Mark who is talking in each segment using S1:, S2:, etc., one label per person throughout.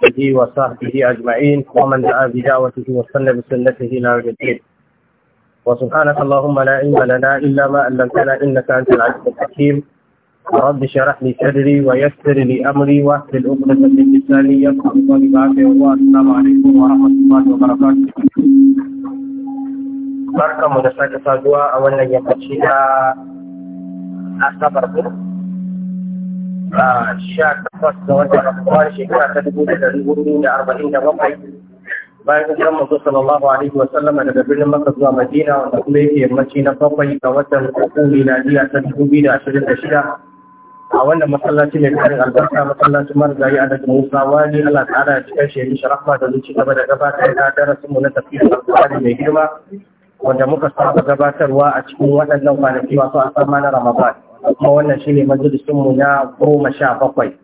S1: وصحبه وصحبه أجمعين ومن دعا بدعوته وسن بسنته إلى يوم الدين وسبحانك اللهم لا علم لنا إلا ما علمتنا إنك أنت العزيز الحكيم رب اشرح لي صدري ويسر لي أمري واحلل عقدة من لساني يفقه قولي بعافية والسلام عليكم ورحمة الله وبركاته barkanmu da sake saduwa a wannan yammaci na asabar sha takwas ga watan Ramadan shekara ta dubu da dari hudu da arba'in da bakwai bayan hijiran manzo sallallahu alaihi wa sallam daga birnin Makka zuwa Madina wanda kuma yake yammaci na bakwai ga watan uku miladiya ta dubu biyu da ashirin da shida a wannan masallaci mai karin albarka masallacin marigayi a daga Musa wani Allah ta'ala ya cikin shi mishi rahma da zuci gaba da gabatar da darasinmu na tafiyar alƙur'ani mai girma wanda muka saba gabatarwa a cikin waɗannan kwanaki masu asama na Ramadan. kuma wannan shine majalisun mu na goma sha bakwai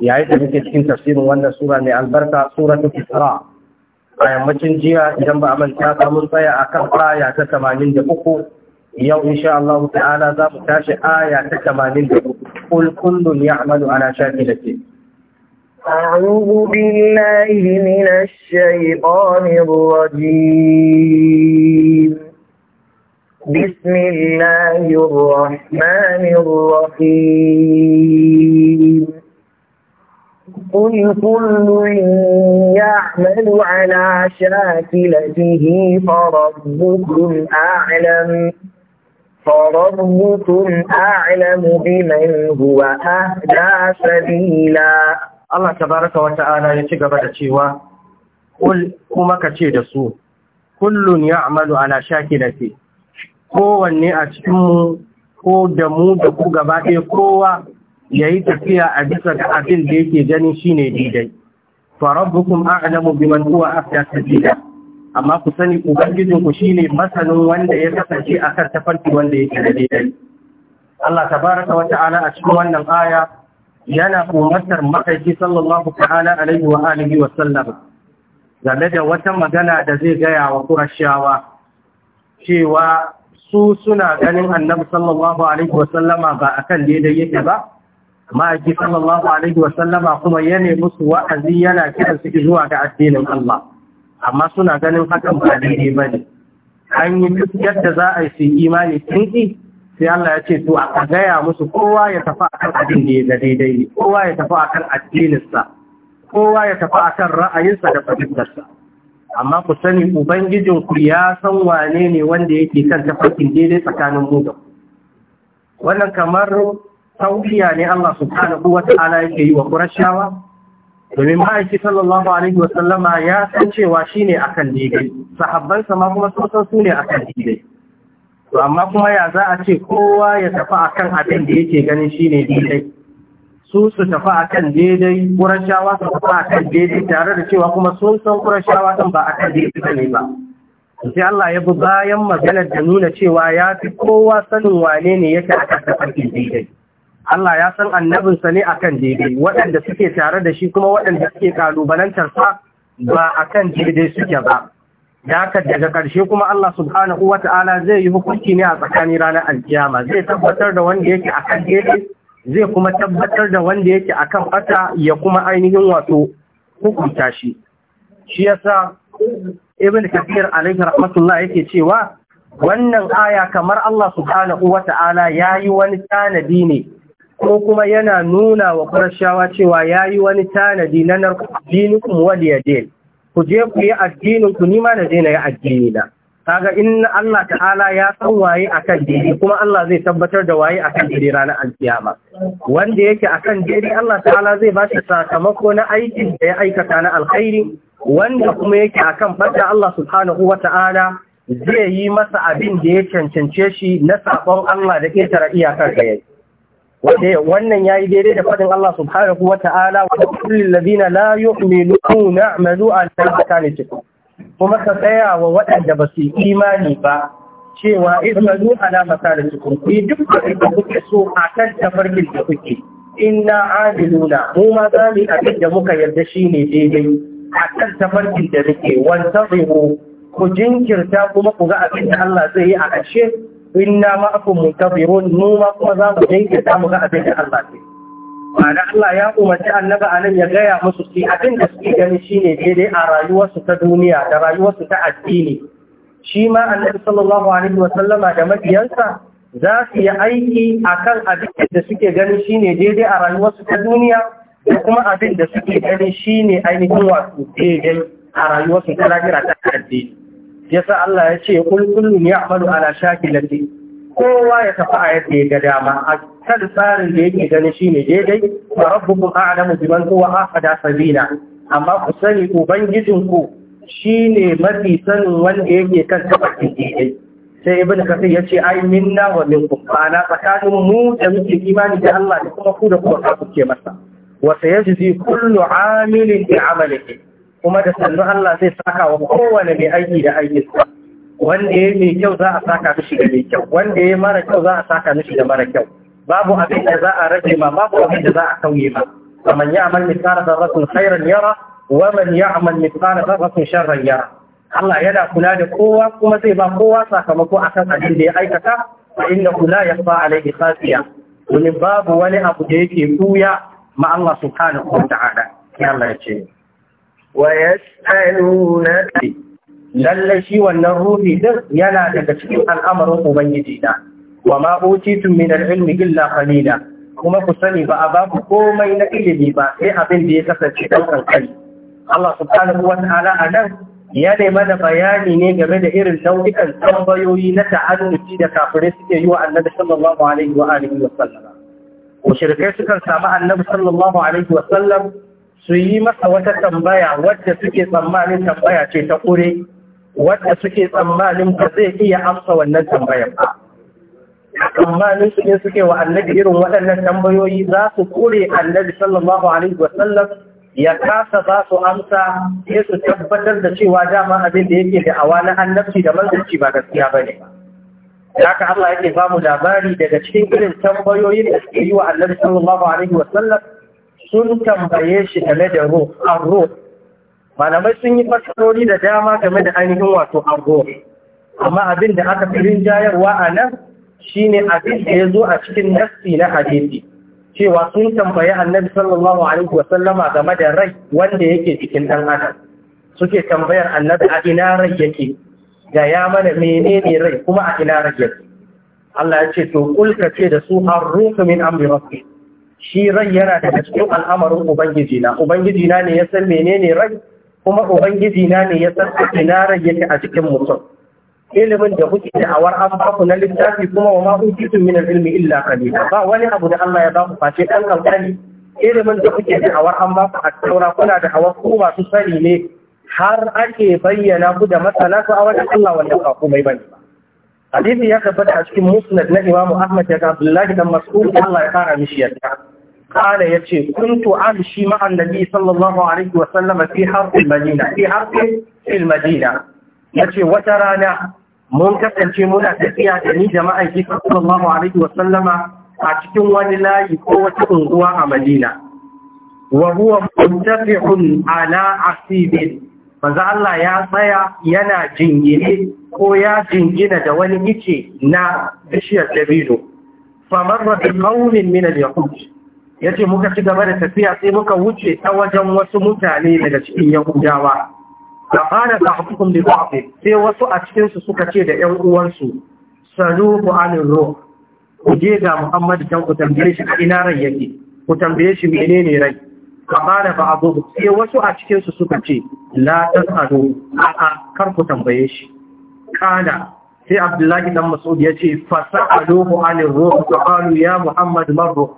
S1: Yayi da muke cikin tafsirin wannan sura mai albarka suratul isra a yammacin jiya idan ba a manta ka mun tsaya kan aya ta uku, yau insha Allah ta'ala za mu tashi aya ta 84 kul kullun ya'malu ala shakilati أعوذ بالله من الشيطان الرجيم بسم الله الرحمن الرحيم قل كل يعمل على شاكلته فربكم أعلم فربكم أعلم بمن هو أهدى سبيلا الله تبارك وتعالى يتقبل الشيوى قل كما كتير سوء كل يعمل على شاكلته kowanne a cikinmu ko da mu da ku gaba ɗaya kowa ya yi tafiya a bisa ga abin da yake gani shi ne daidai. Farabbukum a'lamu biman huwa ta jida. Amma ku sani ubangijin ku ne masanin wanda ya kasance a kan tafarki wanda yake da daidai. Allah baraka wa ta'ala a cikin wannan aya yana umartar makaiki sallallahu ta'ala alaihi wa alihi wa sallam game da wata magana da zai gaya wa kurashawa cewa su suna ganin annabi sallallahu alaihi wasallama ba akan daidai yake ba ma'aiki sallallahu alaihi wasallama kuma ya nemi su wa'azi yana kiran su zuwa ga addinin Allah amma suna ganin hakan ba daidai ba ne an yi duk yadda za a yi imani kinki sai Allah ya ce to a gaya musu kowa ya tafi akan abin da ya daidai ne kowa ya tafi akan addininsa kowa ya tafi akan ra'ayinsa da fahimtarsa amma ku sani ubangijin ku ya san wane ne wanda yake kan tafarkin daidai tsakanin mu da wannan kamar tauhiya ne Allah subhanahu wa ta'ala yake yi wa Qurayshawa domin ma'aiki sallallahu alaihi wa sallama ya san cewa shine akan daidai sahabbansa ma kuma sun su ne akan daidai to amma kuma ya za a ce kowa ya tafi akan abin da yake ganin shine daidai su su tafi a kan daidai shawa su tafi a kan daidai tare da cewa kuma sun san shawa sun ba a kan daidai ne ba sai Allah ya bi bayan maganar da nuna cewa ya fi kowa sanin wane ne yake a kan tafarkin daidai Allah ya san annabinsa ne akan daidai waɗanda suke tare da shi kuma waɗanda suke ƙalubalantarsa ba akan daidai suke ba da haka daga ƙarshe kuma Allah subhanahu ta'ala zai yi hukunci ne a tsakanin ranar alkiyama zai tabbatar da wanda yake akan daidai zai kuma tabbatar da wanda yake akan fata ya kuma ainihin wato hukunta shi shi yasa ibn kafir alaihi rahmatullah yake cewa wannan aya kamar Allah subhanahu wata'ala yayi wani tanadi ne ko kuma yana nuna wa kwarashawa cewa yayi wani tanadi na narku dinukum wal yadin ku je ku yi addinin ku nima na je na yi addini na kaga in Allah ta'ala ya san waye akan daidai kuma Allah zai tabbatar da waye akan daidai ranar alkiyama wanda yake akan daidai Allah ta'ala zai ba shi sakamako na aikin da ya aikata na alkhairi wanda kuma yake akan fadda Allah subhanahu wa zai yi masa abin da ya cancance shi na sakon Allah da ke iyakar ga yayi wannan yayi daidai da fadin Allah subhanahu wa wa kullil ladina la yu'minuna a'malu an kuma ka tsaya wa waɗanda ba su imani ba cewa izmalu su masalikum ku duk da kuke so a kan tafarkin da kuke inna adiluna mu ma za mu abin da muka yarda shi ne daidai a kan tafarkin da nake wantazimu ku jinkirta kuma ku ga abin da Allah zai yi a ƙarshe inna ma'akum mutabirun mu ma kuma za mu jinkirta mu ga abin da Allah zai yi ma'ana Allah ya umarci annaba anan ya gaya musu su abin da suke gani shine daidai a rayuwarsu ta duniya da rayuwarsu ta addini shi ma annabi sallallahu alaihi wa sallama da mabiyansa za su yi aiki akan abin da suke gani shine daidai a rayuwarsu ta duniya da kuma abin da suke gani shine ainihin wasu daidai a rayuwarsu ta lahira ta addini yasa Allah ya ce kullu kullun ya'malu ala shakilati kowa ya tafi a yadda ya ga dama a kan tsarin da yake ganin shine daidai ba wa rabbukum a'lamu zuwa a ahada Sabina. amma ku sani ubangijinku shine mafi sanin wanda yake kan tabbacin daidai sai ibn kasir ya ce ai minna wa minkum ana tsakanin mu da muke imani da Allah da kuma ku da kuma ku ke masa wa sayajzi kullu amilin bi amalihi kuma da sannu Allah zai saka wa kowane mai aiki da aikinsa wanda ya mai kyau za a saka mishi da mai kyau wanda ya mara kyau za a saka mishi da mara kyau babu abin da za a rage ma babu abin da za a kauye ma faman ya'mal da dharratin khairan yara wa man ya'mal da dharratin sharran yara Allah yana kula da kowa kuma zai ba kowa sakamako akan abin da ya aikata fa innahu fa a alayhi khafiya wani babu wani abu da yake kuya ma Allah subhanahu wa ta'ala ya Allah ya ce wa yas'alunaka lallai shi wannan ruhi din yana daga cikin al'amarin ubangiji na wa ma utitum ilmi illa qalila kuma ku sani ba a ku komai na ilimi ba sai abin da ya kasance dan kankani Allah subhanahu wa ta'ala nan. ya ne da bayani ne game da irin nau'ikan tambayoyi na ta'annuci da kafirai suke yi wa annabi sallallahu alaihi wa alihi wa sallam mushrikai sukan samu annabi sallallahu alaihi wa sallam su yi masa wata tambaya wadda suke tsammanin tambaya ce ta ƙure Wanda suke tsammanin ba zai iya amsa wannan tambayar ba tsammanin su ne suke wa annabi irin waɗannan tambayoyi za su kure annabi sallallahu alaihi wasallam ya kasa za su amsa sai su tabbatar da cewa dama abin da yake da awa na annabci da manzanci ba gaskiya ba ne haka Allah yake ba mu labari daga cikin irin tambayoyin da suke yi wa annabi sallallahu alaihi wasallam sun tambaye shi game da ruh an ruh malamai sun yi fassarori da dama game da ainihin wato agogo amma abin da aka fi jayarwa a nan shine abin da ya zo a cikin nassi na hadisi cewa sun tambayi annabi sallallahu alaihi wasallama game da rai wanda yake cikin dan adam suke tambayar annabi a ina rai yake ga ya mana menene rai kuma a ina rai yake Allah ya ce to kulka ce da su ruhu min amri rabbi shi rai yana daga cikin al'amarin ubangiji na ubangiji na ne ya san menene rai kuma ubangiji na ne ya san ina yake a cikin mutum ilimin da kuke da awar an ba ku na littafi kuma wa ma utitu min ilmi illa qalila ba wani abu da Allah ya ba ku face dan kankani ilimin da kuke da awar an ba ku a taura kuna da awar ku su sani ne har ake bayyana ku da masana ku a wajen Allah wanda ba ku mai bane hadisi ya tabbata a cikin musnad na Imam Ahmad daga Abdullahi dan Mas'ud Allah ya fara mishi yarda ta'ala ya ce, "Kuntu an shi ma’an da bi sallallahu Alaihi wasallama fi harfin Madina, Madina, ya ce, "Wata rana mun kasance muna tafiya da ni da ma’aiki sallallahu Alaihi wasallama a cikin wani layi ko wata unguwa a Madina. Wa huwa muntafi'un ala asibin, maza Allah ya tsaya yana jingine ko ya jingina da wani ice na bishiyar dabino. Famar rabin maunin minal Yahudi, ya ce muka ci gaba da tafiya sai muka wuce ta wajen wasu mutane daga cikin yahudawa da fara da hukum da ba'afi sai wasu a cikinsu suka ce da ‘yan uwansu salu ku anin ro ku je ga muhammadu can ku tambaye shi a ina rai yake ku tambaye shi mene ne rai ka fara ba abu sai wasu a cikinsu suka ce la tas'alu a'a kar ku tambaye shi kana sai abdullahi dan mas'ud ya ce fasa'aluhu anir ruh fa qalu ya muhammad marruh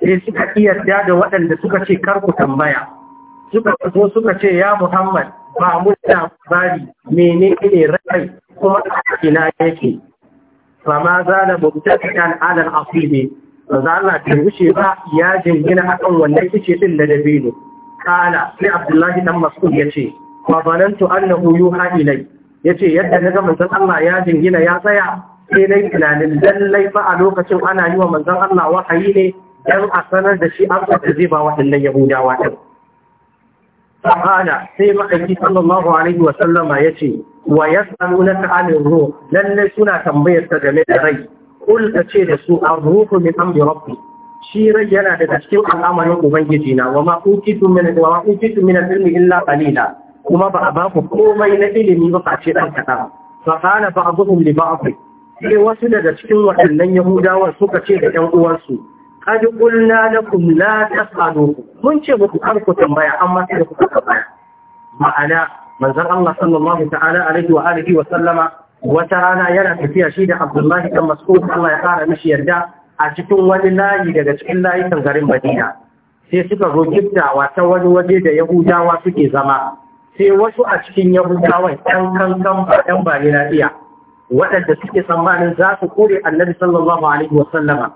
S1: sai suka iya da waɗanda suka ce karku tambaya suka so suka ce ya muhammad ba mu da bari mene ne rai kuma ina yake ma za na bauta kan alal asibi ba za na ba ya jingina akan wannan kice din da dabino kala sai abdullahi dan mas'ud ya ce wa banantu annahu yuha ilai yace yadda na ga manzon Allah ya jingina ya tsaya sai dai tunanin lallai ba a lokacin ana yi wa manzon Allah wahayi ne Yan a sanar da shi an kwata zai ba waɗannan yahudawa ɗin Sahana sai ma'aiki sallallahu alaihi wa sallama ya ce wa ya samu na ta’amin ruhu, lallai suna tambayar ta game da rai ka ce da su a ruhu min bi rafi. shi rai yana daga cikin al'amarin ubangiji na wa ma min illa kuma ba a baku komai na ilimi ba face dan kaɗan. ba a li sai wasu daga cikin waɗannan yahudawa suka ce da 'yan uwansu قد قلنا لكم لا تسألوا من شيء بكم أركو تنبيع أما تلك تنبيع معنا منزل الله صلى الله تعالى عليه وآله وسلم وترانا ينا تفيا شيد عبد الله كان مسؤول الله يقال مشي يرجع أشكون ولله يدرس إلا يتنقرن مدينة sai suka zo giftawa ta wani waje da Yahudawa suke zama, sai wasu a cikin Yahudawan ‘yan kankan ba ‘yan ba na iya, waɗanda suke tsammanin za su kore annabi sallallahu Alaihi wasallama,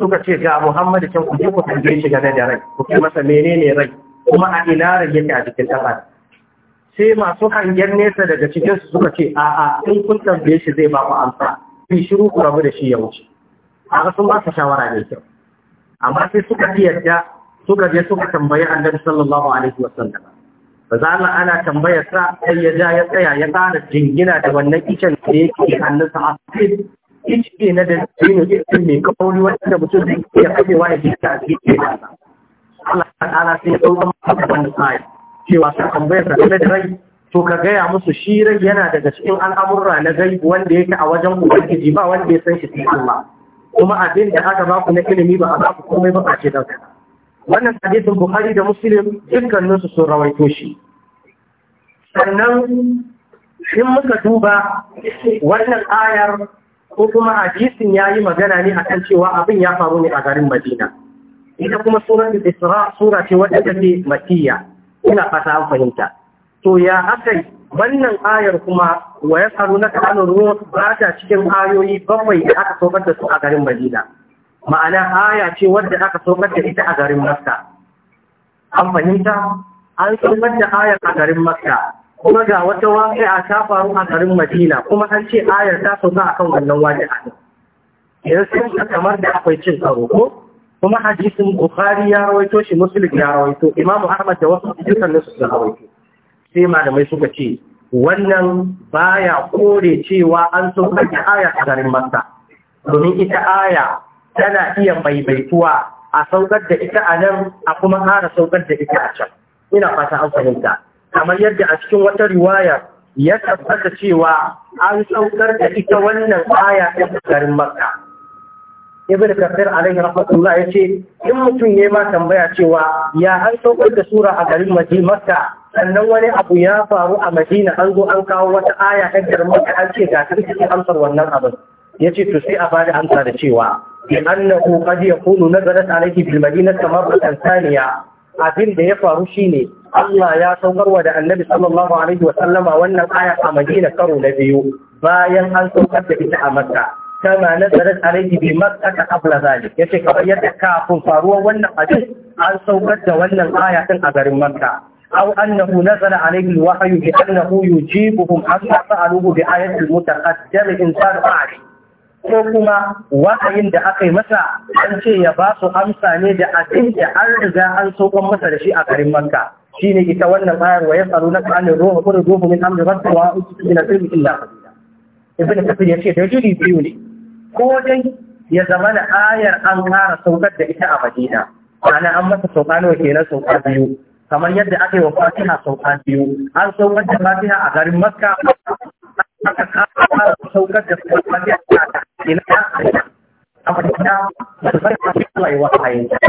S1: suka ce ga Muhammadu can ku je ku tambaye shi game da rai ku masa menene rai kuma a ina rai yake a jikin ɗan sai masu hangen nesa daga cikin su suka ce a a in kun tambaye shi zai ba ku amsa ki shiru ku rabu da shi ya wuce a sun ba shawara ne kyau amma sai suka ji yadda suka je suka tambayi annabi sallallahu alaihi wasallam ba za mu ana tambayar sa sai ya ja ya tsaya ya tsara jingina da wannan kicin da yake hannunsa a cikin ice na da dino irin mai kauri wanda mutum zai iya kajewa ya jika a cikin nasa Allah ta'ala sai ya ɗauka maka wani tsari cewa ka tambayar da game da rai to ka gaya musu shi rai yana daga cikin al'amurra na gai wanda yake a wajen ubangiji ba wanda ya san shi sai Allah kuma abin da aka ba ku na ilimi ba a ba ku komai ba a ce da wannan hadisin Bukhari da Muslim dukkaninsu sun rawaito shi sannan in muka duba wannan ayar ko kuma hadisin ya yi magana ne a kan cewa abin ya faru ne a garin madina ita kuma da isra sura ce wadda ce Makiyya ina fata an fahimta to ya aka wannan ayar kuma wa ya faru na kanun ruwa ba ta cikin ayoyi bakwai da aka saukar da su a garin madina ma'ana aya ce wadda aka saukar da ita a garin makka an fahimta an saukar da ayar a garin makka kuma ga wata waƙi'a ta faru a garin Madina kuma an ce ayar ta sauka kan wannan waƙi'a yanzu sun ka kamar da akwai cin tsaro ko kuma hadisin Bukhari ya rawaito shi musulun ya rawaito Imam Ahmad da wasu dukkan nasu sun rawaito sai malamai suka ce wannan baya kore cewa an saukar kai aya a garin masa domin ita aya tana iya maimaituwa a saukar da ita a nan a kuma ƙara saukar da ita a can ina fata an fahimta kamar yadda a cikin wata riwaya ya tabbata cewa an saukar da ita wannan aya ta garin makka ibn kafir alaihi rahmatullah ya ce in mutum ya ma tambaya cewa ya an saukar da sura a garin madina sannan wani abu ya faru a madina an zo an kawo wata aya ta garin makka an ce ga kirki amsar wannan abin ya ce to sai a bada amsa da cewa in annahu qad yakunu nazarat alayhi bil madinati marratan thaniya abin da ya faru shine Allah ya saukarwa da annabi sallallahu alaihi wa sallama wannan aya a Madina karo na biyu bayan an saukar da ita a Makka kama nazarat alaihi bi Makka ta qabla zalik yace kamar yadda kafin faruwar wannan hadis an saukar da wannan aya din a garin Makka أو أنه نزل عليه الوحي بأنه يجيبهم حتى فعلوه بآية المتقدم إنسان أعلم ko kuma wa'ayin da aka yi masa an ce ya ba su amsa ne da abin da an riga an sauka masa da shi a garin Makka shine ita wannan ayar wa yasalu na qanil ruhu qul ruhu min amri rabbika wa utu min ilmi illa qalila ibn kafir ce da jiri biyu ne ko dai ya zama da ayar an kara saukar da ita a Madina ana an masa sauka nawa kenan sauka biyu kamar yadda aka yi wa Fatiha sauka biyu an saukar da Fatiha a garin Makka aka kara saukar da Fatiha a Madina a Madina da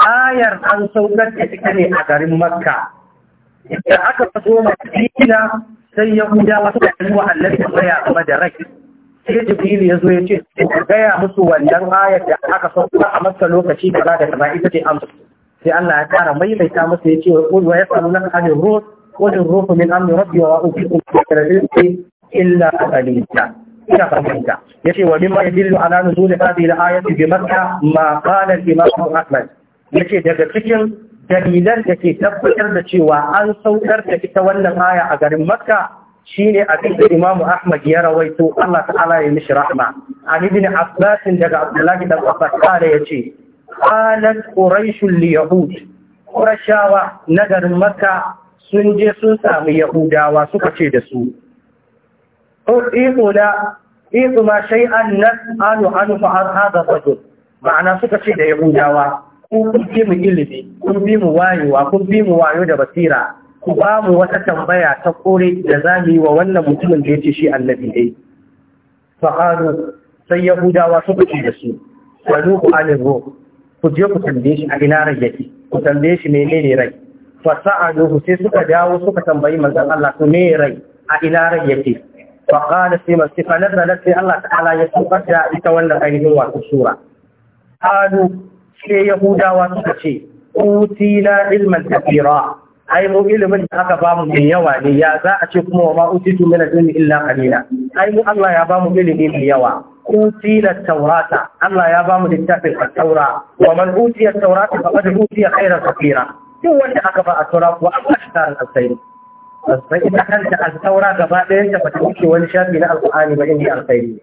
S1: ayar an saukar da ita ne a garin makka da aka taso madina sai ya kuja wasu da kan wa Allah ya tsaya a madarak sai jibril ya zo ya ce ku gaya musu wannan ayar da aka sauka a makka lokaci da za ta gaba ita ce amsa sai Allah ya mai maimaita masa ya ce wa ya wa yasaluna an ar-ruh qul ar-ruh min amri rabbi wa a'udhu bika min shari illa qalita ya fahimta yace wa mimma yadillu ala nuzul hadhihi al-ayati bi makka ma qala al-imam ahmad yace daga cikin dalilan da ke tabbatar da cewa an saukar da ita wannan aya a garin Makka shine abin da Imam Ahmad ya rawaito Allah ta'ala ya mishi rahma An ibn Abbas daga Abdullahi da Abbas kare ce qalat quraish li yahud qurashawa na garin Makka sun je sun samu Yahudawa suka ce da su Ƙulƙula in shai an nan anu hannu fa'ar haɗa fajin ma'ana suka ce da yahudawa kun bi mu ilimi kun bi mu wayewa kun bi mu wayo da basira ku ba mu wata tambaya ta kore da za mu yi wa wannan mutumin da ya ce shi annabi ne faƙaru sai yahudawa suka ce da su zu ku anin ku je ku tambaye shi a ina rai yake ku tambaye shi menene rai fasa'aluhu sai suka dawo suka tambayi manzon Allah to me rai a ina rai yake fa qala sai man sai fa nazala sai Allah ta'ala ya saukar da ita wannan ainihin wa sura qalu sai yahudawa suka ce utila ilman kafira ai mu ilimin da aka bamu mai yawa ne ya za a ce kuma wa ma utitu min ilmi illa qalila ai mu Allah ya bamu ilimi mai yawa utila taurata Allah ya bamu littafin at-taura wa man utiya taurata faqad utiya khairan kathira duk wanda aka ba a taura kuwa an ba shi tarin alkhairi sai ita kanta al-taura gaba ɗayan ta bata wuce wani shafi na al alqur'ani ba inda alkhairi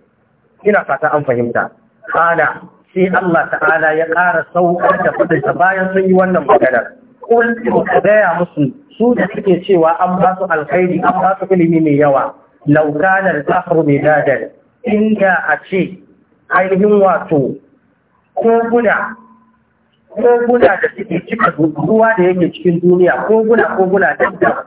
S1: ina fata an fahimta kana sai Allah ta'ala ya ƙara saukar da fadinsa bayan sun yi wannan maganar kul ka gaya musu su da suke cewa an ba su alkhairi an ba su ilimi mai yawa laukanar zafar mai dadar inda a ce ainihin wato koguna koguna da suke cika ruwa da yake cikin duniya koguna koguna dabda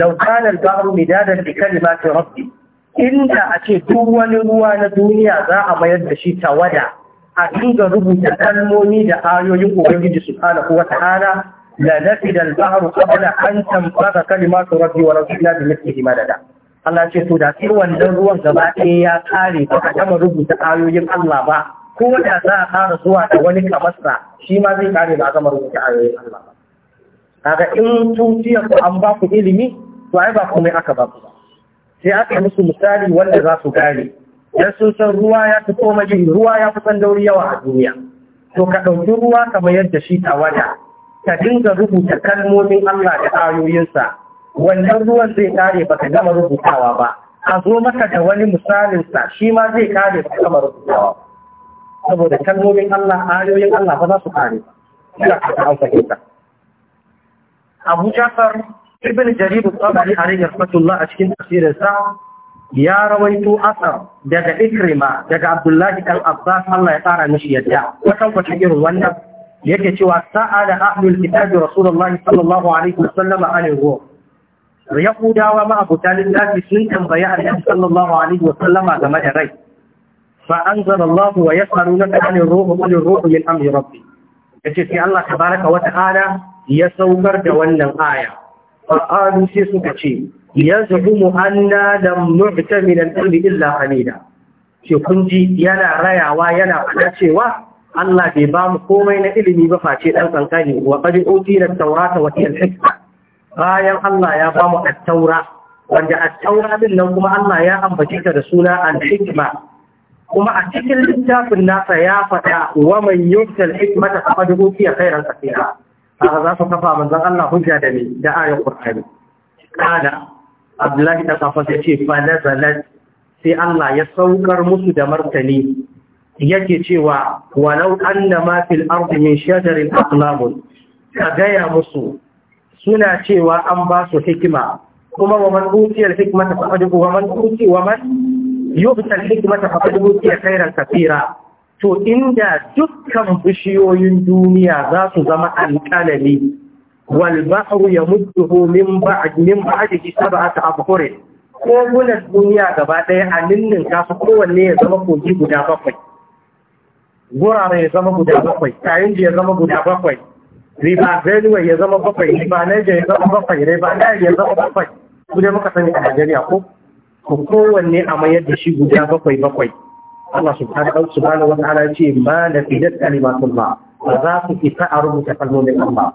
S1: laukanar zafar mai dadar da kalimatin rabbi inda a ce duk wani ruwa na duniya za a mayar da shi tawada a dinga rubuta kalmomi da ayoyin ubangiji subhanahu wa ta'ala la nafida al-bahr qabla an tanfada kalimatu rabbi wa rasulina bi mithlihi madada Allah ce to da sai wannan ruwan gaba ɗaya ya kare ba a gama rubuta ayoyin Allah ba ko da za a fara zuwa da wani kamarsa shi ma zai kare ba a gama rubuta ayoyin Allah ba kaga in tutiyar ku an ba ku ilimi to ai ba komai aka ba ku ba sai aka musu misali wanda za su gane dan sun san ruwa ya fi koma jin ruwa ya fi san dauri yawa a duniya to ka ɗauki ruwa ka bayar da shi tawada ka dinga rubuta kalmomin Allah da ayoyinsa wannan ruwan zai kare baka gama rubutawa ba a zo maka da wani misalinsa shi ma zai kare baka gama rubutawa saboda kalmomin Allah ayoyin Allah ba za su kare ina ka an fahimta Abu Jafar Ibn Jarir al-Tabari alayhi rahmatullah a cikin tafsirinsa ya rawaito asar daga ikrima daga abdullahi ɗan abbas allah ya tsara mishi yadda wata kwacin irin wannan yake cewa sa'ada ahlul kitabi rasulullah sallallahu alaihi wasallam an ruwa yahudawa ma abu talib lafi sun tambayi annabi sallallahu alaihi wasallam game da rai fa anzala allah wa yas'alunaka an ruhu qul ruhu min amri rabbi yace sai allah tabaraka wa ta'ala ya saukar da wannan aya fa sai suka ce yanzu anna da nu'ta min al illa qalila shi kunji yana rayawa yana kuna cewa Allah bai ba mu komai na ilimi ba face ɗan tsankani, wa qad da taurata wata al-hikma bayan Allah ya ba mu attaura taura wanda attaura taura nan kuma Allah ya ambace ta da suna al-hikma kuma a cikin littafin nasa ya faɗa, wa man yu'ta al-hikmata a utiya khairan katira haka za su kafa manzon Allah hujja da ni da ayan Qur'ani kada Abdullahi da Kafa sai ce fa nazalat sai Allah ya saukar musu da martani yake cewa walau annama fil ardi min shajarin aqlam ka gaya musu suna cewa an ba su hikima kuma wa man utiyal hikmata faqad wa man utiya wa man hikmata faqad utiya khairan kathira to inda dukkan bishiyoyin duniya za su zama alƙalami والبحر يمده من بعد من بعده سبعة أبحر kogunan duniya gaba ɗaya a ninnin kasu kowanne ya zama kogi guda bakwai gurare ya zama guda bakwai kayan ya zama guda bakwai riba ya zama bakwai riba niger ya zama bakwai riba niger ya zama bakwai guda muka sani a najeriya ko ko kowanne a mayar da shi guda bakwai bakwai Allah subhanahu subhanahu wa ta'ala ya ce ma nafidat kalimatullah ba za su isa a rubuta kalmomin Allah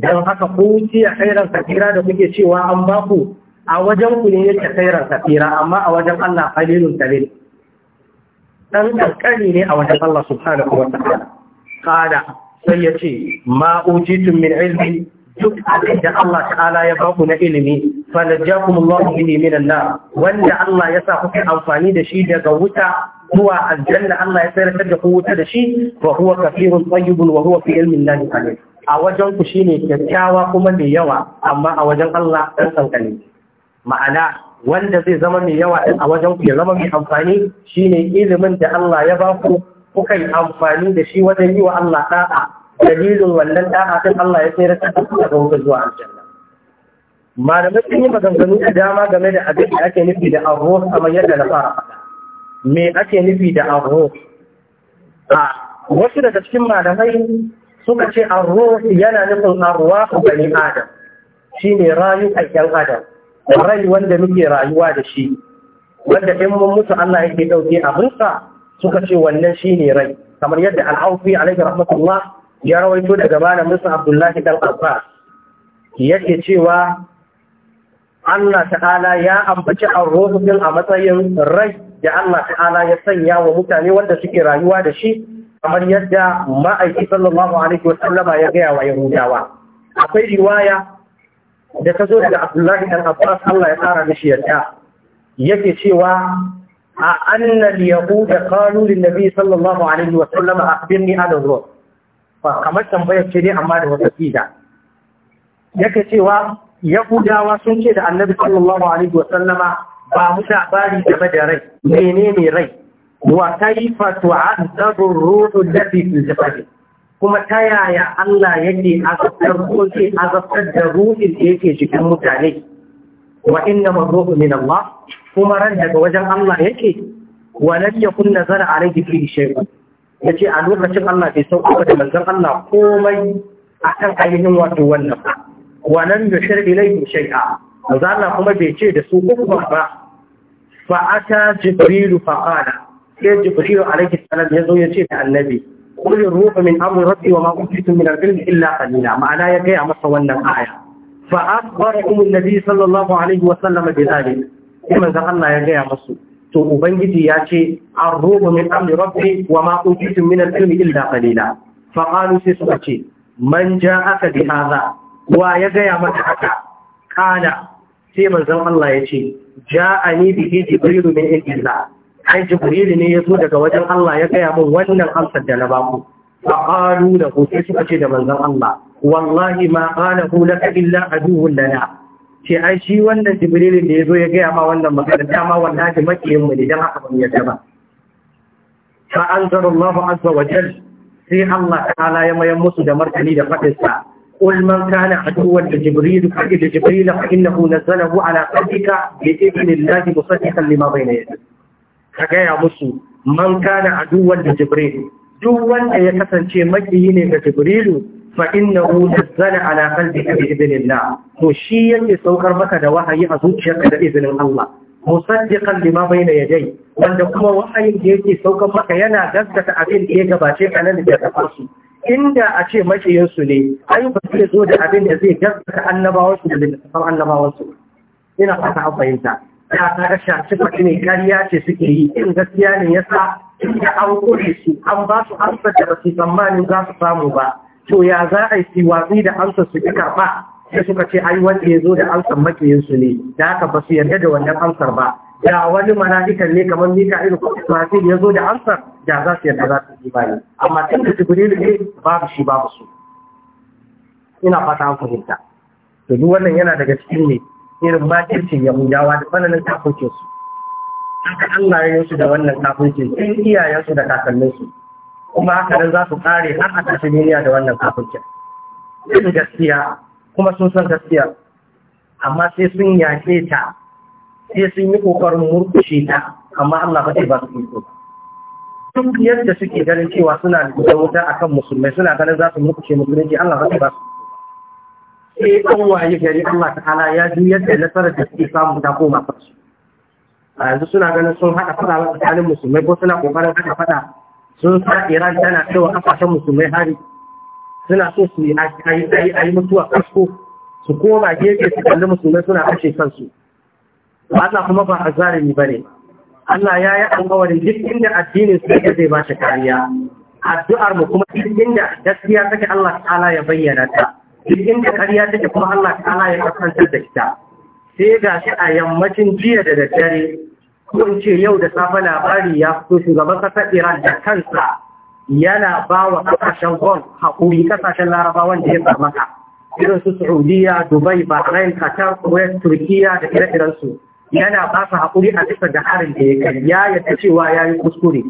S1: Dan haka ku ciya khairan kafira da kuke cewa an ba ku a wajen ku ne yake khairan kafira amma a wajen Allah qalilun qalil dan kankani ne a wajen Allah subhanahu wa ta'ala kada sai ya ce ma utitum min ilmi duk abin da Allah ta'ala ya baku na ilimi fa falajakum Allah bihi min an-nar wanda Allah ya sa kuke amfani da shi daga wuta zuwa aljanna Allah ya sayar da ku wuta da shi wa huwa kafirun tayyibun wa huwa fi ilmin Allah alayhi a wajen ku ne kyakkyawa kuma mai yawa amma a wajen Allah ɗan kankani ma'ana wanda zai zama mai yawa a wajen ku ya zama mai amfani shi ne ilimin da Allah ya ba ku kuka yi amfani da shi wajen yi wa Allah ɗa'a, dalilin wannan ɗa'a sun Allah ya tsere ta daga wurin zuwa aljanna malamai sun yi maganganu da dama game da abin da ake nufi da arro kamar yadda na fara me ake nufi da arro a wasu daga cikin malamai suka ce arruh yana nufin arwahu bani adam shine rayukan yan adam rai wanda muke rayuwa da shi wanda in mun mutu Allah yake dauke abinsa suka ce wannan shine rai kamar yadda al-Aufi alaihi rahmatullah ya rawaito daga malamin Musa Abdullahi dan Abbas yake cewa Allah ta'ala ya ambaci arruh din a matsayin rai da Allah ta'ala ya sanya wa mutane wanda suke rayuwa da shi kamar yadda ma'aiki sallallahu alaihi wa sallama ya gaya wa yahudawa akwai riwaya da ta zo daga abdullahi dan abbas Allah ya tsara mishi yadda yake cewa a annal yahuda qalu lin nabi sallallahu alaihi wa sallama akhbirni an ruh fa kamar tambayar ce dai amma da wata kida yake cewa yahudawa sun ce da annabi sallallahu alaihi wa sallama ba mu labari game da rai menene rai Wa kaifa tu'adabu ruhu التي في جسده kuma ta yaya Allah yake azabtar ko ke azabtar da ruhin da yake cikin mutane wa inna ruhu min Allah kuma ran daga wajen Allah yake wa lam yakun nazara alayhi fi shay'in yace a lokacin Allah bai sauko da manzon Allah komai akan ainihin wato wannan wa lam yushir ilayhi shay'a manzon Allah kuma bai ce da su uku ba fa ata jibril fa qala sai jibrilu alaihi salam ya zo ya ce da annabi qul ruhu min amri rabbi ma utitu min al-ilmi illa qalila ma'ana ya gaya masa wannan aya fa akhbarakum an-nabi sallallahu alaihi wa sallam bi dhalik kuma zan Allah ya masu to ubangiji ya ce ar-ruhu min amri rabbi wa ma utitu min al-ilmi illa qalila fa sai suka ce man bi wa ya gaya maka haka kana sai manzon Allah ya ce ja'ani bihi ai jibril ne ya zo daga wajen Allah ya gaya min wannan amsar da na ba ku. A da baku فقالوا له كيف أجد من الله والله ما قاله لك إلا da na. ce ai shi wannan jibril da ya zo ya gaya ma wannan magana dama wallahi makiyin mu ne dan haka ban yadda ba fa anzalallahu azza wa jal sai Allah ta'ala ya mayar musu da martani da fadin sa qul man kana aduwwan li jibril fa inna jibril fa innahu nazalahu ala qalbika bi idnillahi musaddiqan lima bayna yadayhi ka gaya musu man kana aduwan da jibril duk wanda ya kasance makiyi ne ga jibrilu fa innahu nazzala ala qalbika bi idnillah to shi yake saukar maka da wahayi a zuciyarka da izinin Allah musaddiqan lima bayna yadayhi wanda kuma wahayin da yake saukar maka yana gaskata abin da ya gabace ka nan da ka inda a ce makiyansu ne ai ba zai zo da abin da zai gaskata annabawansu da littattafan annabawansu ina fata a fahimta da ta rasha sifati ne kariya ce suke yi in gaskiya ne yasa da an kore su an ba su amsar da basu tsammanin za su samu ba to ya za a yi watsi da amsar su ki karɓa sai suka ce ai wanda ya zo da amsar makiyinsu ne da haka ba su yarda da wannan amsar ba da wani mala'ikan ne kamar Mika'il ko Israfil ya zo da amsar da za su yarda za su yi bani amma tun da Jibril ne babu shi babu su ina fata an fahimta to duk wannan yana daga cikin ne irin makircin yahudawa da tsananin kafircin su haka an ya su da wannan kafircin sun iyayensu da kakanninsu kuma haka nan za su tsare har a tashi duniya da wannan kafircin sun gaskiya kuma sun san gaskiya amma sai sun yaƙe ta sai sun yi ƙoƙarin murkushe ta amma Allah ba ce ba su iko duk yadda suke ganin cewa suna da wuta akan musulmai suna ganin za su murkushe musulunci Allah ba ce ba su Eh, an waye gari Allah ta'ala ya juyar da nasarar da suke samu ta koma kansu a yanzu suna ganin sun haɗa fada tsakanin musulmai ko suna kokarin haɗa fada sun sa Iran tana cewa kasashen musulmai hari suna so su yi a yi mutuwa kasko su koma gefe su kalli musulmai suna kashe kansu Allah kuma ba a zalimi ba ne Allah ya yi alkawarin duk inda addinin su yake zai ba shi kariya addu'ar mu kuma duk inda gaskiya take Allah ta'ala ya bayyana ta duk inda ƙarya take kuma Allah ta'ala ya kasantar da ita sai ga shi a yammacin jiya da daddare ko in ce yau da safe labari ya fito shugaban ƙasar Iran da kansa yana ba wa kasashen Gon haƙuri ƙasashen Larabawan da ya samaka. irin su Saudiya, Dubai, Bahrain, Qatar, Kuwait, Turkiya da ire-irensu yana ba su haƙuri a bisa da harin da ya kai ya yadda cewa ya yi kuskure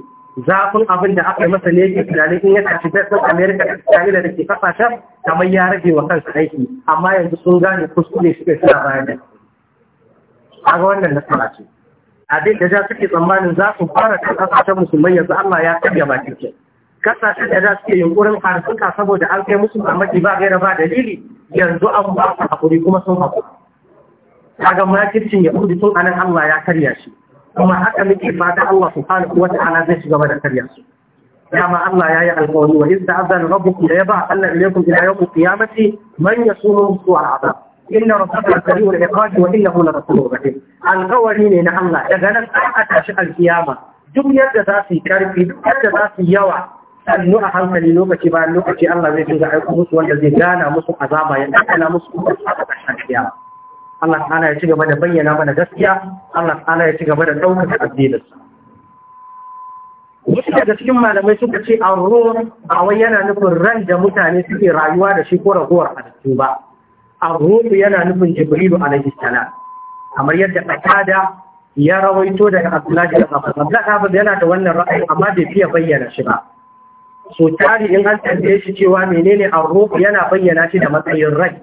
S1: zafin abin da aka masa ne yake tunanin in ya tashi fesin amerika da china da ke kasashen kamar ya rage wa kansa aiki amma yanzu sun gane kuskure suke suna bayan da a ga wannan na ce abin da ja suke tsammanin za su fara kan kasashen musulmai yanzu allah ya karya bakin ke kasashen da ja suke yunkurin harsuka saboda an kai musu mamaki ba gaira ba dalili yanzu an ba su hakuri kuma sun hakuri kaga makircin ya kudu tun anan allah ya karya shi kuma haka muke fata Allah subhanahu wa ta'ala zai shiga da karya su dama Allah ya yi alƙawari wa izda azan rabbukum da yaba Allah ilaykum ila yawm qiyamati man yasunu su'a azab inna rabbaka sari'ul iqab wa innahu la rasulur rahim alƙawari ne na Allah daga nan a tashi alkiyama duk yadda za su yi karfi duk yadda za su yi yawa sannu a hankali lokaci bayan lokaci Allah zai dinga aiko musu wanda zai gana musu azaba ya dana musu a ƙarshen kiyama Allah ta'ala ya ci gaba da bayyana mana gaskiya Allah ta'ala ya ci gaba da ɗaukaka addinin wasu daga cikin malamai suka ce an ruwan a wai yana nufin ran da mutane suke rayuwa da shi ko ragowar halittu ba an ruwan yana nufin jibrilu a alaihi salam kamar yadda qatada ya rawaito daga abdullahi da abbas abdullahi yana da wannan ra'ayi amma bai fiye bayyana shi ba so tari in an tambaye shi cewa menene an ruwan yana bayyana shi da matsayin rai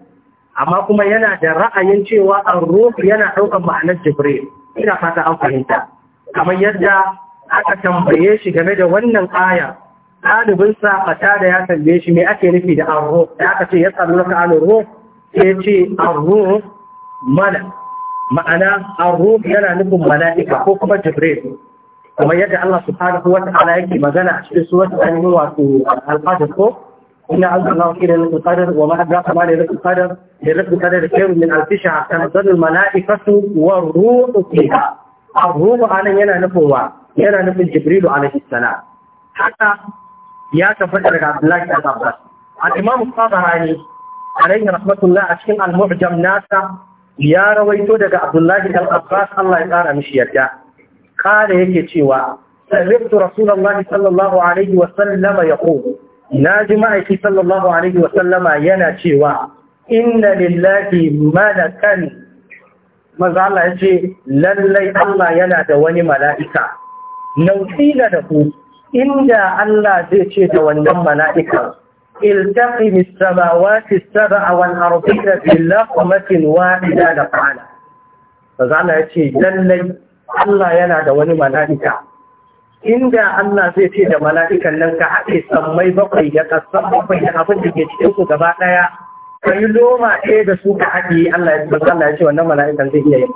S1: amma kuma yana da ra'ayin cewa ar yana ɗaukar ma'anar jibril ina fata an fahimta kamar yadda aka tambaye shi game da wannan aya ɗalibinsa a tada ya tambaye shi me ake nufi da arro da aka ce ya tsaru raka an arro sai ce arro mana ma'ana arro yana nufin mala'ika ko kuma jibril kuma yadda Allah subhanahu wa ta'ala yake magana a cikin suwar da ainihin wato alfajir ko إن عز الله في ليلة القدر وما أدراك ما ليلة القدر ليلة القدر خير من ألف شهر تنزل الملائكة والروح فيها الروح أنا ينا نفوا ينا نفوا جبريل عليه السلام حتى يا تفكر عبد الله بن عباس الإمام الطبراني عليه رحمة الله أشكن المعجم ناسا يا رويتو دقى عبد الله بن عباس الله يقارى مشيته قال هيك تشيوا سمعت رسول الله صلى الله عليه وسلم يقول na ji ma'aiki sallallahu alaihi wasallama yana cewa inna lillahi malakan maza ya ce lallai Allah yana da wani mala'ika nautsila da ku inda Allah zai ce da wannan mala'ikan iltaqi mis samawati sab'a wal da bi laqmatin wahida da fa'ala maza ya ce lallai Allah yana da wani mala'ika inda Allah zai ce da mala'ikan nan ka haɗe sammai bakwai da ƙasar bakwai da abin da ke cikin ku gaba ɗaya ka yi loma ɗaya da su ka haɗe Allah ya ce Allah ya ce wannan mala'ikan zai iya yin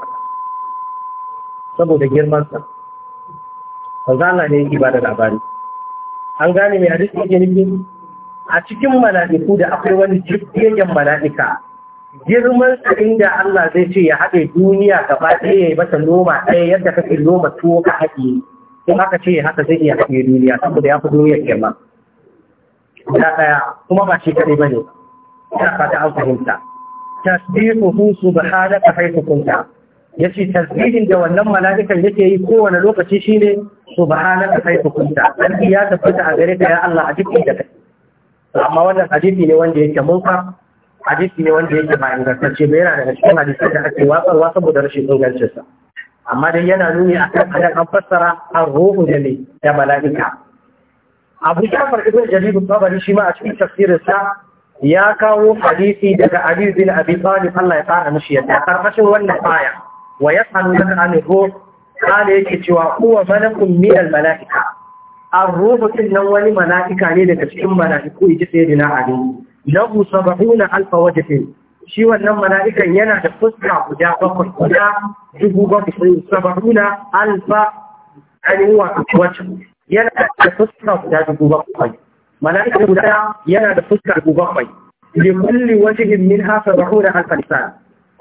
S1: saboda girman sa manzo Allah ne yake da labari an gane me hadisi yake nufin a cikin mala'iku da akwai wani jirgin mala'ika girman sa inda Allah zai ce ya haɗe duniya gaba ɗaya ya yi mata noma ɗaya yadda kake noma tuwo ka haɗe in aka ce haka zai iya haɗe duniya saboda ya fi duniya ma ta ɗaya kuma ba shi kaɗai ba ne ta fata an fahimta subhana ka haythu kunta yace tasbihin da wannan mala'ikan yake yi kowane lokaci shine ka haythu kunta dan ya tabbata a gare ka ya Allah a duk inda kai amma wannan hadisi ne wanda yake mulka hadisi ne wanda yake ba ingantacce ba yana daga cikin hadisi da ake watsarwa saboda rashin ingancinsa amma dai yana nuni a kan anan an fassara an ruhu da ne da mala'ika abu jafar ibn jalib tabari shi ma a cikin tafsirinsa ya kawo hadisi daga ali bin abi talib Allah ya fara mishi yadda karkashin wannan aya wa yas'alunaka an ruhu kana yake cewa huwa malakun min al mala'ika an ruhu din wani mala'ika ne daga cikin mala'iku yaji sayyidina ali lahu sab'una alfa wajhin shi wannan mala'ikan yana da fuska guda bakwai guda dubu bakwai sabaruna alfa ainihuwa wacce yana da fuska guda dubu bakwai mala'ikan guda yana da fuska dubu bakwai limalli wajihin min hafa bahuna alfa lisan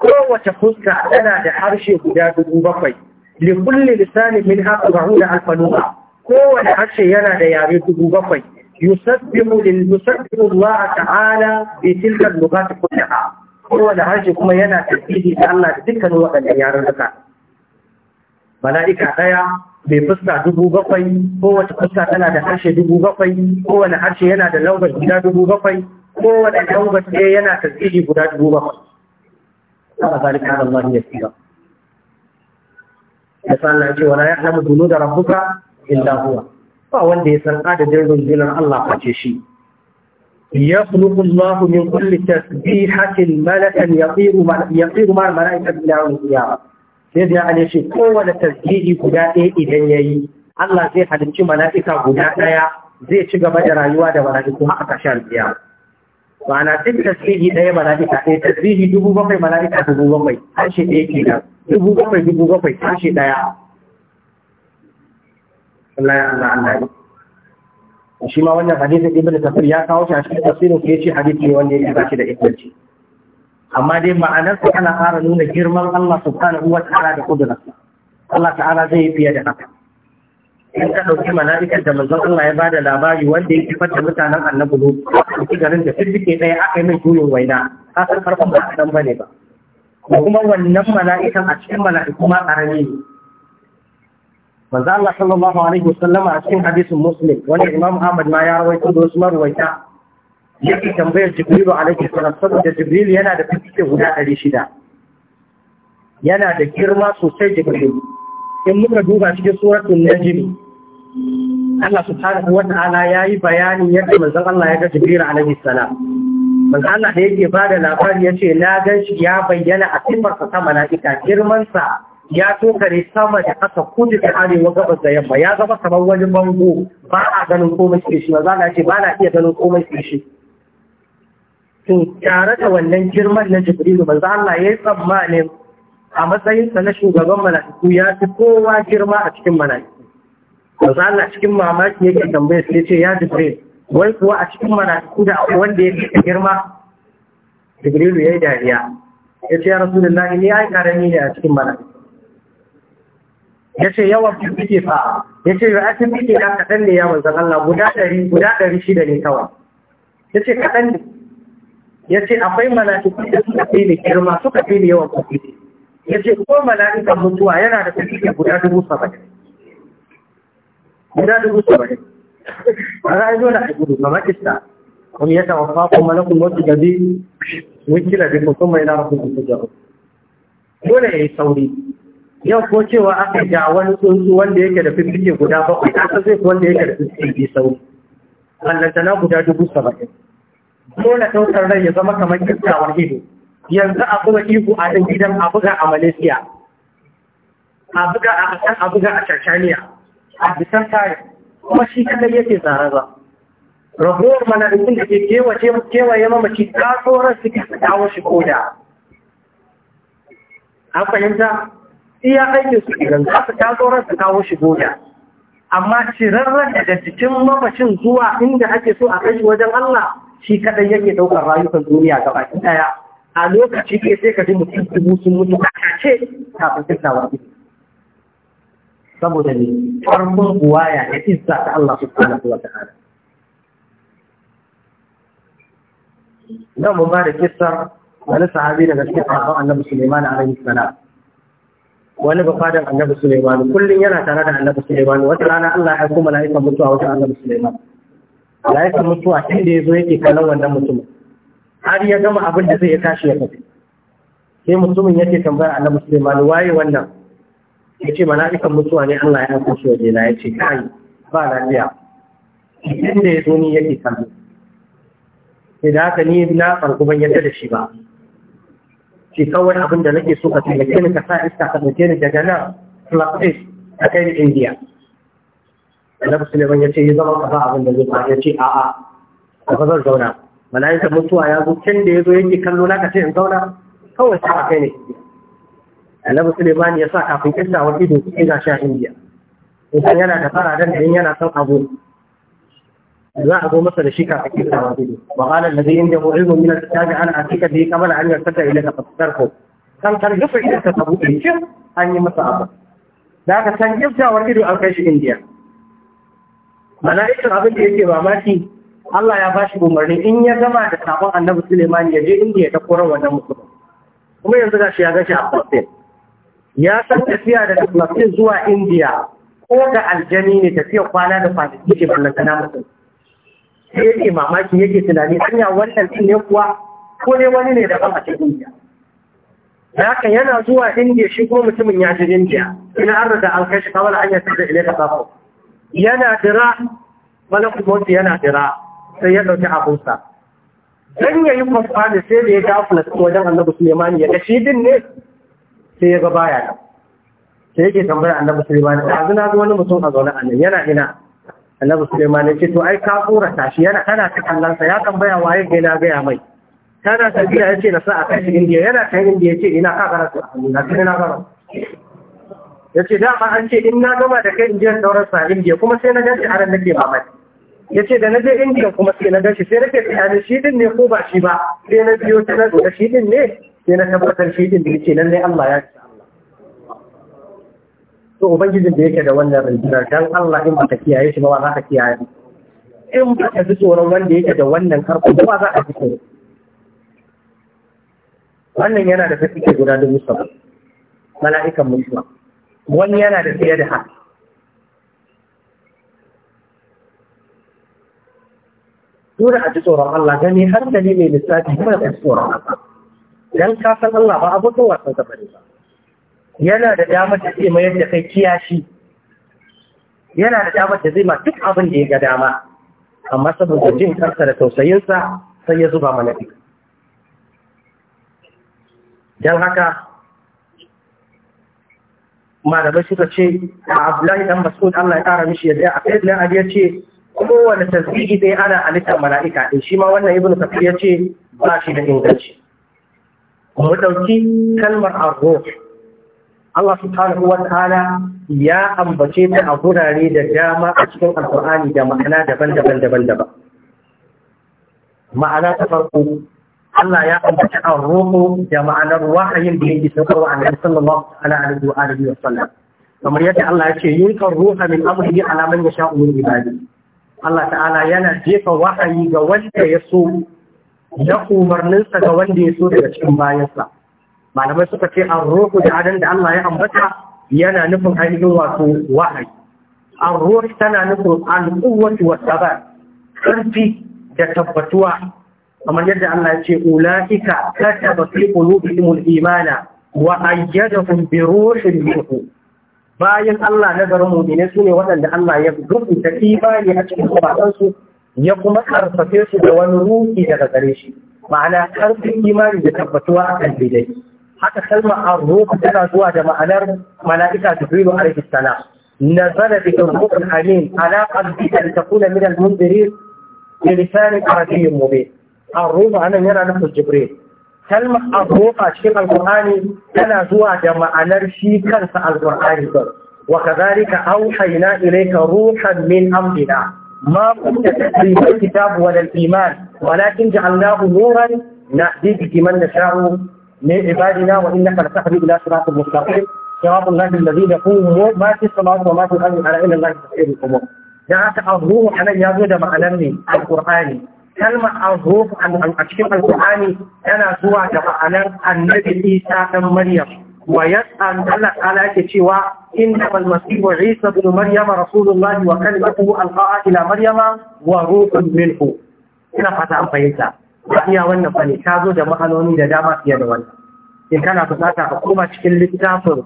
S1: kowace fuska tana da harshe guda dubu bakwai likulli lisanin min hafa bahuna alfa nuna kowane harshe yana da yare dubu bakwai yusabbihu lil musabbihu Allah ta'ala bi tilka al-lughat kullaha kowane harshe kuma yana tafiye da Allah da dukkanin waɗannan duka. mala'ika ɗaya mai fuska dubu bakwai kowace fuska tana da harshe dubu bakwai kowane harshe yana da laubar guda dubu bakwai kowane laubar ɗaya yana tafiye guda dubu bakwai Allah zalika Allah ya cewa na ya ce wala ya'lamu da rabbuka illa huwa ba wanda ya san adadin rundunar Allah face shi يخلق الله من كل تسبيحة ملكا يطير مع يطير مع الملائكة إلى يوم القيامة. سيدنا علي شيء قوة تسبيح غدا إيه إذا Allah zai halicci mala'ika guda ɗaya zai ci gaba da rayuwa da mala'iku haka kashin biya. Ma'ana duk tasbihi ɗaya mala'ika ɗaya tasbihi dubu bakwai mala'ika dubu bakwai harshe ɗaya dubu bakwai dubu bakwai harshe ɗaya. shi ma wannan hadisin ibnu tafsir ya kawo shi a cikin tafsirin ya ce hadisi ne wanda ya shi da inganci amma dai ma'anar ma'anarsa ana ƙara nuna girman Allah subhanahu wa ta'ala da Kudura. Allah ta'ala zai fiye da haka in ka ɗauki mala'ikan da manzon Allah ya bada labari wanda ya fata da mutanen annabi ne a garin da firfike ɗaya aka yi mai juyin waina ka san karfin ba a ba ne ba kuma wannan mala'ikan a cikin mala'iku ma ƙarami ne manzo Allah sallallahu alaihi wasallam a cikin hadisin muslim wani imam Ahmad ma ya rawaito da wasu marwaita yake tambayar Jibril alaihi salam saboda Jibril yana da fiske guda 600 yana da girma sosai Jibril in muka duba cikin suratul najm Allah subhanahu wa ta'ala yayi bayanin yadda manzo Allah ya ga Jibril alaihi salam manzo Allah da yake bada labari yace na ganshi ya bayyana a sifar sa mala'ika girman sa ya tokare sama da aka kudu da arewa gabas da yamma ya zama kamar wani bango ba a ganin komai ke shi ba za na ce ba na iya ganin komai ke shi to tare da wannan girman na jibrilu manzo Allah ya yi tsammanin a matsayinsa na shugaban mala'iku ya fi kowa girma a cikin mala'iku manzo Allah cikin mamaki yake tambaye sai ce ya jibril wai kuwa a cikin mala'iku da wanda ya fi girma jibrilu ya yi dariya ya ce ya rasulullahi ni ai karami ne a cikin mala'iku ya ce yawan sun fike fa ya ce ba sun fike da kaɗan ne yawon zan Allah guda ɗari guda shi shida ne kawai ya ce kaɗan ne ya ce akwai mala'iku da suka fi da girma suka fi da yawan kuɗi ya ce ko mala'ikan mutuwa yana da kuɗi guda dubu saba'in guda dubu saba'in a ra'ayi dole a gudu ga makista wani ya tawafa kuma na kuma wasu gabi wikila da kuma yana rafin kusurjaru dole ya yi sauri yau ko cewa aka ga wani tsuntsu wanda yake da fiffike guda bakwai aka zai wanda yake da fiffike sau na guda dubu saba'in na ɗaukar rai ya zama kamar kyakkyawar ido yanzu a buga iko a ɗan gidan a buga a malaysia a buga a ƙasar a buga a tarkaniya a bisan tare kuma shi kadai yake zaraza ragowar manarikun da ke kewaye mamaci ta tsoron suke kawo shi koda an fahimta iya aiki su idan za su taso su kawo shi goya amma cirarren daga cikin mafashin zuwa inda ake so a kai wajen Allah shi kaɗai yake ɗaukar rayukan duniya baki ɗaya a lokaci ke sai ka ji mutum dubu sun mutu a kace kafin tattawar ido saboda ne farkon buwaya ya izza ta Allah subhanahu wa ta'ala dan mun ba da kissa wani sahabi daga cikin sahabban Annabi Sulaiman alaihi salam wani bafadan annabi Suleiman kullum yana tare da annabi Suleiman wata rana Allah ya kuma malaika mutuwa wata annabi Suleiman malaika mutuwa inda yazo yake kallon wannan mutumin har ya gama abin da zai ya tashi ya tafi sai mutumin yake tambayar annabi Suleiman waye wannan yace malaikan mutuwa ne Allah ya aiko shi waje na yace kai ba lafiya inda yazo ni yake kallo sai da haka ni na farko ban yadda da shi ba shi kawai abin da nake so ka taimake ni ka sa iska ka dauke ni daga nan plus a kai ni India annabi Suleiman ya ce yi zama ka ba abin da zai ba ya ce a'a ka fa zan zauna mala'ika mutuwa ya zo can da ya zo yake kallo na ka ce in zauna kawai sa a kai ni India annabi Suleiman ya sa kafin iska wani ido ga sha India in yana da fara dan yana son abu za a zo masa da shi kafin kisa wa gudu wa qala alladhi indahu ta min al-kitabi an da ya kamar an yartaka ilayka ko kan kan rufe idan ka sabu ɗin an yi masa abu da aka san giftawar ido an kai shi indiya mala'ikan abin da yake mamaki Allah ya ba shi umarni in ya gama da sabon annabi Suleiman ya je indiya ta koran wannan musulman kuma yanzu ga shi ya gashi a Falastin ya san tafiya daga Falastin zuwa indiya ko da aljani ne tafiya kwana da kwanaki ke ballantana musulman sai yake mamaki yake tunani hanya wannan din ne kuwa ko ne wani ne daban a cikin ya da haka yana zuwa inda shi kuma mutumin ya je India. ina an riga an kai shi kawai hanyar sai da ile ka safo yana dira malakul mawti yana dira sai ya ɗauki abunsa dan ya yi kwafa da sai da ya ga ko wajen annabi sulemani ya ga shi din ne sai ya ga baya sai yake tambaya annabi sulemani yanzu na ga wani mutum a zaune a nan yana ina annabi Sulaiman ya ce to ai ka tsora tashi yana kana ta kallon sa ya tambaya waye ga na gaya mai kana tafiya ya ce na sa a kai indiya yana kai indiya ya ce ina ka gara na tuni na gama ya ce dama an ce in na gama da kai indiya sauran sa indiya kuma sai na gashi aran nake mamaki ya ce da na je indiya kuma sai na gashi sai nake tsakanin shi din ne ko ba shi ba sai na biyo ta na shi din ne sai na tabbatar shi din da ya ce lallai Allah ya ce to ubangijin da yake da wannan rundunar dan Allah in baka kiyaye shi ba za ka kiyaye in baka ji tsoron wanda yake da wannan karko ba za ka ji tsoron wannan yana da fasike guda dubu saba mala'ikan mutuwa wani yana da fiye da haka dole a ji tsoron Allah gani har da ne mai lissafi kuma da tsoron Allah dan ka san Allah ba abokan wasan ka bane ba yana da damar da zai mayar da kai kiyashi yana da damar da zai ma duk abin da ya ga dama amma saboda jin kansa da tausayinsa sai ya zuba mana duk don haka malamai suka ce a abdullahi dan mas'ud Allah ya kara mishi yadda a da ali ya ce kowane tasbihi dai ana halittar mala'ika din shi ma wannan ibnu kafir ya ce ba shi da inganci mu dauki kalmar arruh Allah subhanahu wa ta'ala ya ambace ta a gurare da dama a cikin alkur'ani da ma'ana daban-daban daban-daban ma'ana ta farko Allah ya ambace a ruhu da ma'anar wahayin da yake saukarwa annabi sallallahu alaihi wa alihi wa sallam kamar yadda Allah ya ce yulkar ruha min amrihi ala man yasha'u min ibadi Allah ta'ala yana jefa wahayi ga wanda ya so da umarninsa ga wanda ya so daga cikin bayansa malamai suka ce an roƙo da adan da Allah ya ambata yana nufin ainihin wato wahayi an ruhu tana nufin al'uwatu wa sabar karfi da tabbatuwa kamar yadda Allah ya ce ulaika kataba fi qulubihim al-imana wa ayyadahum bi ruhin minhu bayan Allah na garin mu'mini sune waɗanda Allah ya rubuta imani a cikin kwatansu ya kuma karfafe su da wani ruhi daga gare shi ma'ana karfin imani da tabbatuwa a kan bidai haka kalmar ar-ruhu tana zuwa da ma'anar mala'ika jibrilu alaihi salam nazala bi ruh al-amin ala qalbika litakuna min al-mundirin bi lisan arabiy mubin ar-ruhu anan yana nufin jibril kalmar ar-ruhu a cikin alqur'ani tana zuwa da ma'anar shi kansa alqur'ani din وكذلك أوحينا إليك روحا من أمرنا ما كنت تتري الكتاب ولا الإيمان ولكن جعلناه نورا نهدي به من نشاء لعبادنا وانك لتهدي الى صراط مستقيم صراط الله الذين هم ما في السماوات وما في الارض على الا الله تسير الامور ذاك الروح انا يا زود معناني القراني كلمة الروح a cikin alƙur'ani yana zuwa da ma'anar annabi Isa ɗan Maryam wa yas'al Allah ta'ala yake cewa إنما المسيح عيسى بن مريم رسول الله وكلمته ألقاها إلى مريم وروح منه ina fata an fahimta ba iya wannan ba ta zo da ma'anoni da dama fiye da wannan in kana bukata ka koma cikin littafin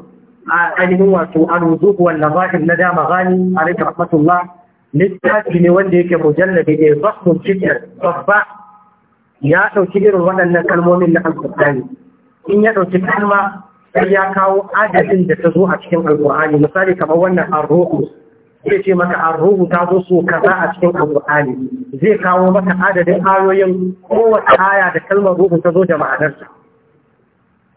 S1: a ainihin wato arzuku wal nazahir na dama gani alaihi rahmatullah littafi ne wanda yake mujallabi da zafin cikin babba ya ɗauki irin waɗannan kalmomin na alƙur'ani in ya ɗauki kalma sai ya kawo adadin da ta zo a cikin alƙur'ani misali kamar wannan arruku zai ce maka an rubuta so kaza a cikin alƙur'ani zai kawo maka adadin ayoyin kowace aya da kalmar ta zo da ma'anarsa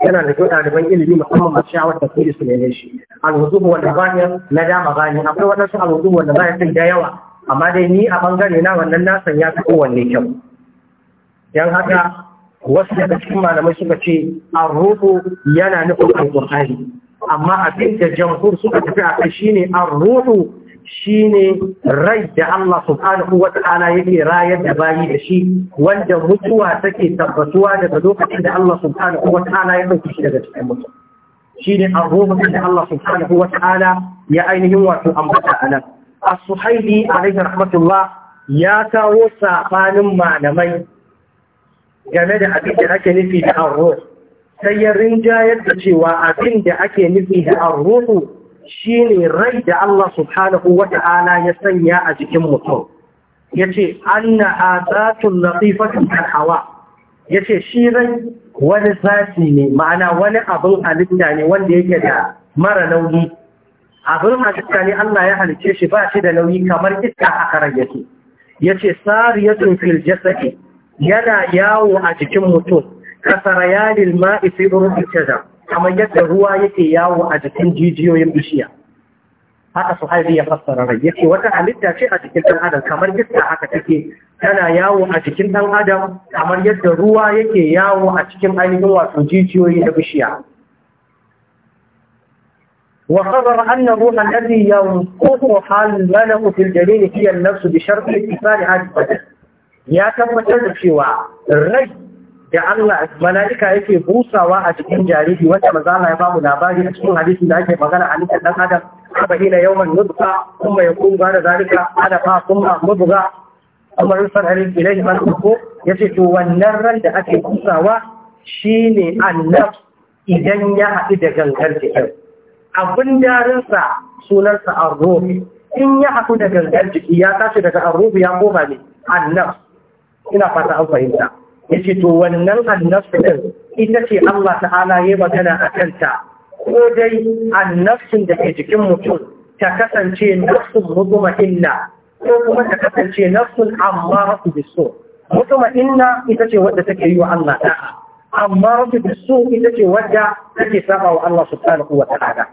S1: yana da kyau ɗaliban ilimi musamman masu shawar da su su ne shi alwuzubu wanda bani na dama bani akwai waɗansu alwuzubu wanda bani sun da yawa amma dai ni a bangare na wannan nasan ya fi kowanne kyau don haka wasu daga cikin malamai suka ce rubu yana nufin alƙur'ani amma abin da jamhur suka tafi a kai shine arruhu shine rai da Allah subhanahu wa ta'ala yake rayar da bayi da shi wanda mutuwa take tabbatuwa daga lokacin da Allah subhanahu wa ta'ala ya dauke shi daga cikin mutuwa shine arruhun da Allah subhanahu wa ta'ala ya ainihin wato ambata anan as-suhaili alaihi rahmatullah ya kawo sabanin malamai game da abin da ake nufi da arruh sai ya rinjayar da cewa abin da ake nufi da arruhu Shi ne rai da Allah subhanahu wa ta'ala ya sanya a jikin mutum yace anna azatun latifatun kal Ya yace shi rai wani zafi ne ma'ana wani abin halitta ne wanda yake da mara nauyi abin halitta ne Allah ya halice shi ba shi da nauyi kamar iska a karar yake yace sariyatun fil jasadi yana yawo a jikin mutum kasara ma'i fi urfi kamar yadda ruwa yake yawo a jikin jijiyoyin bishiya haka su haifi ya fassara rai yake wata halitta ce a jikin ɗan adam kamar yadda haka take tana yawo a jikin ɗan adam kamar yadda ruwa yake yawo a cikin ainihin wato jijiyoyi da bishiya وخبر أن الروح الذي ينقصها الملأ في الجليل هي النفس بشرط اتصال هذه Ya tabbatar da cewa rai. da Allah mala'ika yake busawa a cikin jariri wanda maza Allah ya babu labari a cikin hadisi da ake magana a nufin dan adam ila yawan nutfa kuma ya kuma da zalika ada fa kuma mudga kuma rufar alif ilaihi man ko yace to wannan ran da ake busawa shine annab idan ya haɗu da gangar jikin abin darinsa sunansa arro in ya haɗu da gangar jiki ya tashi daga arro ya koma ne annab ina fata an fahimta yace to wannan annasu din ita ce Allah ta'ala ya magana a kanta ko dai annasin da ke jikin mutum ta kasance nafsun inna, ko kuma ta kasance nafsun amma rasu Mutuma inna ita ce wadda take yi wa Allah ta'a amma rasu bisu ita ce wadda take saba wa Allah subhanahu wa ta'ala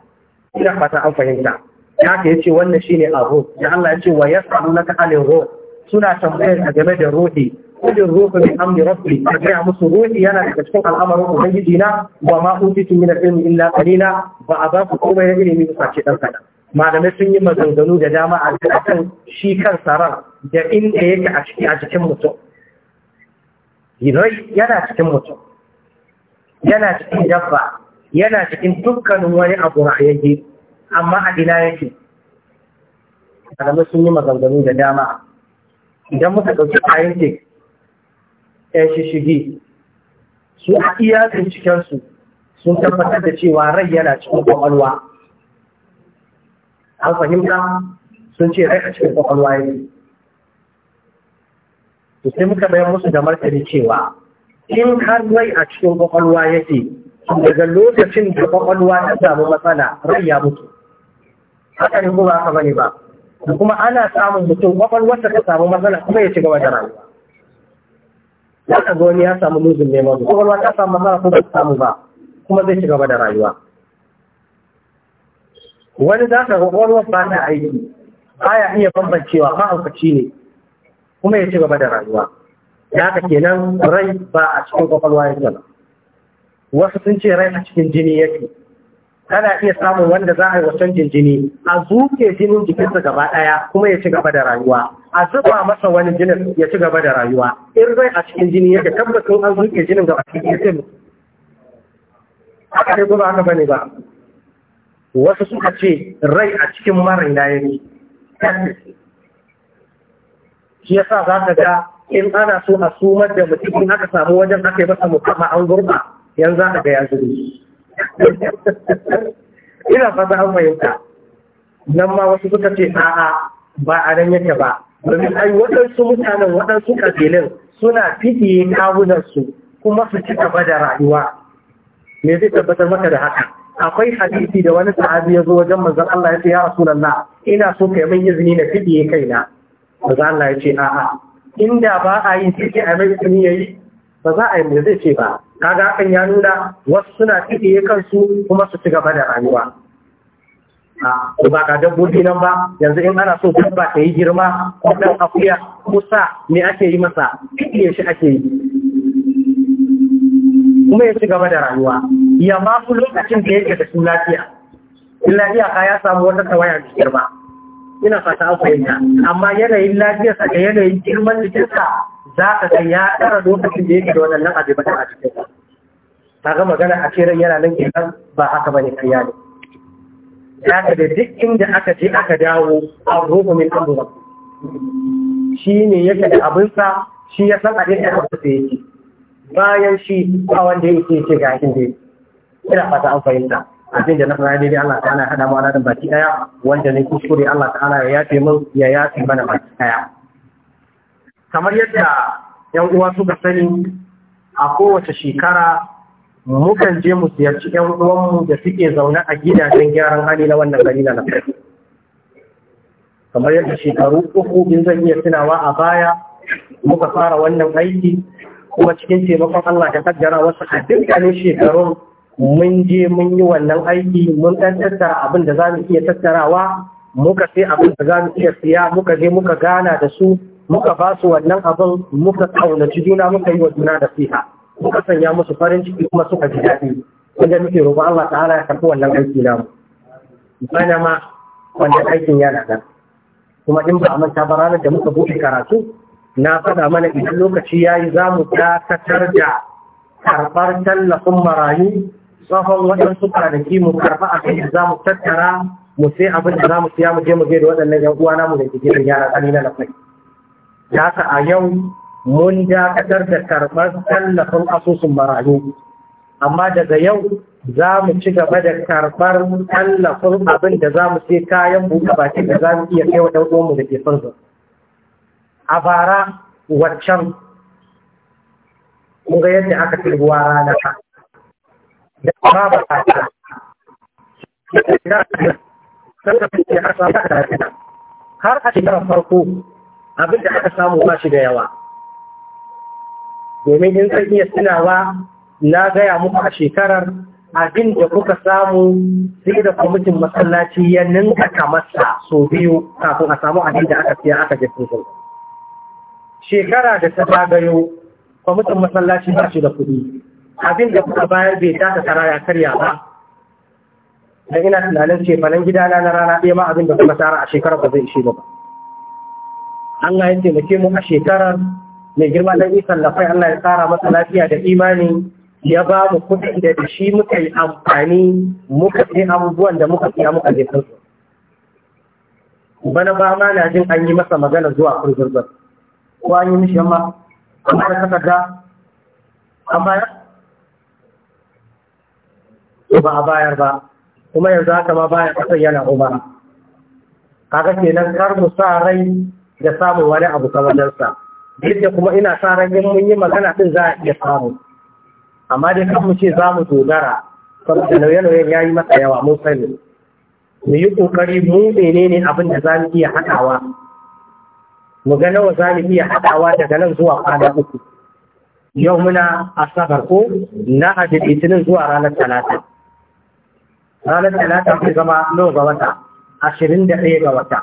S1: ina fata an fahimta haka yace wannan shine abu da Allah yace wa yasalunaka anil ruh suna tambayar game da ruhi kullu ruhu min amri a kaga musu ruhi yana daga cikin al'amarin ubangiji na wa ma utitu min al illa qalila ba a ba ku komai na ilimi ba ce dan malamai sun yi maganganu da dama a kan shi kan sarar da inda yake a ciki a cikin mutum Rai yana cikin mutum, yana cikin dabba, yana cikin dukkanin wani abu ra'ayayi, amma a ina yake. Malamai sun yi maganganu da dama. Idan muka ɗauki scientific shishigi su a iya cikinsu, sun tabbatar da cewa rai yana cikin kwakwalwa an fahimta sun ce rai a cikin kwakwalwa ya su sai muka bayan musu da martani cewa in har rai a cikin kwakwalwa ce daga lokacin da kwakwalwa ta samu matsala rai ya mutu haka ne ba haka bane ba kuma ana samun mutum kwakwalwarsa ta samu matsala kuma ya ci gaba da rayuwa za ka ga wani ya samu ne mazu kwakwalwa ta samu mara kuma ba ta samu ba kuma zai ci gaba da rayuwa wani za ka ga ba ta aiki baya iya bambancewa mahaukaci ne kuma ya ci gaba da rayuwa da haka kenan rai ba a cikin kwakwalwa yake ba wasu sun ce rai a cikin jini yake kana iya samun wanda za a yi wasan jinjini a zuke jinin jikinsa gaba ɗaya kuma ya ci gaba da rayuwa a zuba masa wani jinin ya ci gaba da rayuwa in zai a cikin jini yake tabbatin an zuke jinin gaba cikin jikin haka ne gaba haka bane ba wasu suka ce rai a cikin marin da yake shi sa za ka ga in ana so a sumar da mutum in aka samu wajen aka yi masa mukamma an gurba yanzu za ka ga ya zuri ina fata an fahimta nan ma wasu suka ce a'a ba a nan yake ba domin ai waɗansu mutanen waɗansu ƙabilun suna fiye kawunansu kuma su ci gaba da rayuwa me zai tabbatar maka da haka akwai hadisi da wani sahabi ya zo wajen manzon Allah ya ce ya rasulullah ina so ka min izini na fiye kaina manzon Allah ya ce a'a inda ba a yin fiye a mai izini yayi ba za a yi mai zai ce ba kaga hakan ya nuna wasu suna tiɗiye kansu kuma su ci gaba da rayuwa ko ba ka dabbobi nan ba yanzu in ana so dabba ta yi girma ko dan akuya kusa ne ake yi masa kiɗiye shi ake yi kuma ya ci gaba da rayuwa ya ma fi lokacin da yake da su lafiya in lafiya ka ya samu wata tawaya mai girma ina fata an fahimta amma yanayin lafiyarsa da yanayin girman jikinsa za ka ga ya ɗara lokacin da yake da waɗannan ta a cikin sa ta ga magana a kiran yana nan kenan ba haka bane kariya ne Ya ka da duk inda aka je aka dawo a roƙo min ɗan shi ne yake da sa shi ya san abin da aka sai yake bayan shi ba wanda ya ce ga yakin da ina fata an fahimta abin da na fara daidai Allah ta'ala ya hada mu aladan baki daya wanda ne kuskure Allah ta'ala ya yafe mun ya yafe mana baki daya kamar yadda ‘yan uwa suka sani a kowace shekara mukan je mu ziyarci ‘yan uwanmu da suke zaune a gidajen gyaran hali na wannan gari na nasarar. Kamar yadda shekaru uku in zan iya tunawa a baya muka fara wannan aiki kuma cikin taimakon Allah da kaddara wasu a dukkanin shekarun mun je mun yi wannan aiki mun ɗan tattara abin da za mu iya tattarawa muka sai abin da za mu iya siya muka je muka gana da su muka ba su wannan abin muka kaunaci juna muka yi wa juna da fiha muka sanya musu farin ciki kuma suka ji daɗi wanda muke roƙo Allah ta'ala ya karɓi wannan aiki namu bana ma wannan aikin yana nan kuma in ba a manta ba ranar da muka buɗe karatu na faɗa mana idan lokaci ya yi za mu dakatar da karɓar tallafin marayu tsohon waɗansu kwanaki mu karɓa a kai za mu tattara mu sai abin da za mu siya mu je mu je da waɗannan yan uwa namu da ke gidan yara ƙanina na kai Ya a yau mun dakatar da karɓar tallafin asusun marayu, amma daga yau za mu ci gaba da karɓar tallafin abin da za mu sai kayan buɗe baki da za mu iya kai wa ɗan da ke son A bara waccan kun ga yadda aka fi ruwa rana ta. Da ba ba ta ta. Har a shekarar farko abin da aka samu ba shi da yawa domin in san iya sinawa, na gaya muku a shekarar abin da kuka samu sai da kwamitin masallaci ya ninka kamasta sau biyu kafin a samu abin da aka siya aka jirgin sun shekara da ta zagayo kwamitin masallaci ba shi da kuɗi abin da kuka bayar bai taka kara ya karya ba dan ina tunanin cefanen gidana na rana ɗaya ma abin da kuma tara a shekarar ba zai ishe ba Allah ya taimake mu a shekarar mai girma da isan da fai Allah ya tsara masa lafiya da imani ya ba mu kuɗi da shi muka yi amfani muka yi abubuwan da muka siya muka jefa su. bana ba ma na jin an yi masa magana zuwa kurgurgur ko an yi mishi yamma an fara takarda an bayar ba a bayar ba kuma yanzu haka ma bayan kasar yana umara. kaga kenan kar mu sa rai da samun wani abu kamadarsa duk da kuma ina sa ran mun yi magana ɗin za a iya samu amma dai kan mu ce za mu dogara saboda nauye-nauyen ya yi masa yawa mun sani mu yi ƙoƙari mu ne abin da za mu iya haɗawa mu ga nawa za mu iya haɗawa daga nan zuwa kwana uku yau muna asabar ko na hajji litinin zuwa ranar talata ranar talata ke zama nawa ga wata ashirin da ɗaya ga wata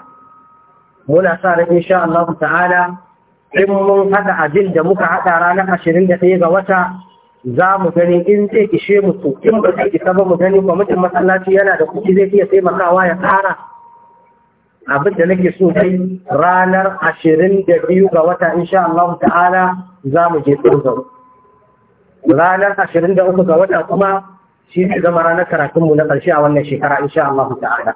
S1: muna sa ran insha Allah ta'ala in mun haɗa abin da muka haɗa ranar ashirin da ɗaya ga wata za mu gani in zai ishe mu to in ba zai isa ba mu gani kwamitin masallaci yana da kuɗi zai iya taimakawa ya ƙara abin da nake so dai ranar ashirin da biyu ga wata insha Allah ta'ala za mu je tsoro ranar ashirin da uku ga wata kuma shi zama ranar karatunmu na ƙarshe a wannan shekara insha Allah ta'ala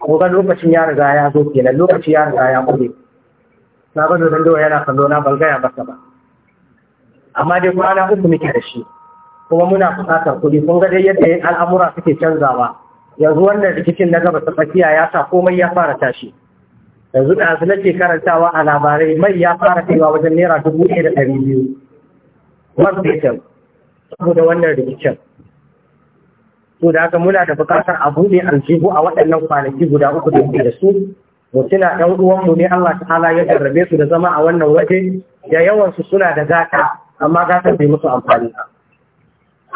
S1: ko lokacin ya riga ya zo kenan lokacin ya riga ya kure na ga dodon dawa yana kallo na ban gaya masa ba amma dai kwana uku muke da shi kuma muna buƙatar kuɗi kun ga dai yadda al'amura suke canzawa yanzu wannan rikicin na gaba ta tsakiya ya sa komai ya fara tashi yanzu da asu nake karantawa a labarai mai ya fara kaiwa wajen naira dubu ɗaya da ɗari biyu man fetur saboda wannan rikicin to da haka muna da bukatar a buɗe aljihu a waɗannan kwanaki guda uku da da su mu tuna ɗan uwanmu ne Allah ta'ala ya jarrabe su da zama a wannan waje da yawan su suna da gata amma gata bai musu amfani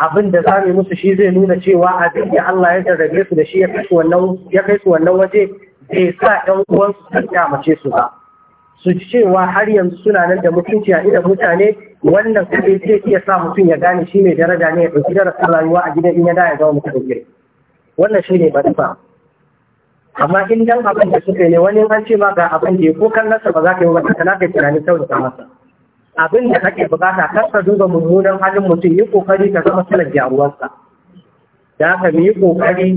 S1: abin da za mu musu shi zai nuna cewa abin da Allah ya jarrabe su da shi ya kai su wannan waje bai sa ɗan uwansu sun kyamace su ba su cewa har yanzu suna nan da mutunci a idan mutane wannan kuɗi zai iya sa mutum ya gane shi mai daraja ne ya ɗauki darasin rayuwa a gidan in ya da ya zama mutum gire wannan shi ne manufa amma in dan abin da suka ne wani an ce ma ga abin da ya ko kan nasa ba za ka yi wata kana kai tunanin kyautata masa abin da kake bukata kar ka duba mummunan halin mutum yi kokari ka zama salar gyaruwarsa da haka yi kokari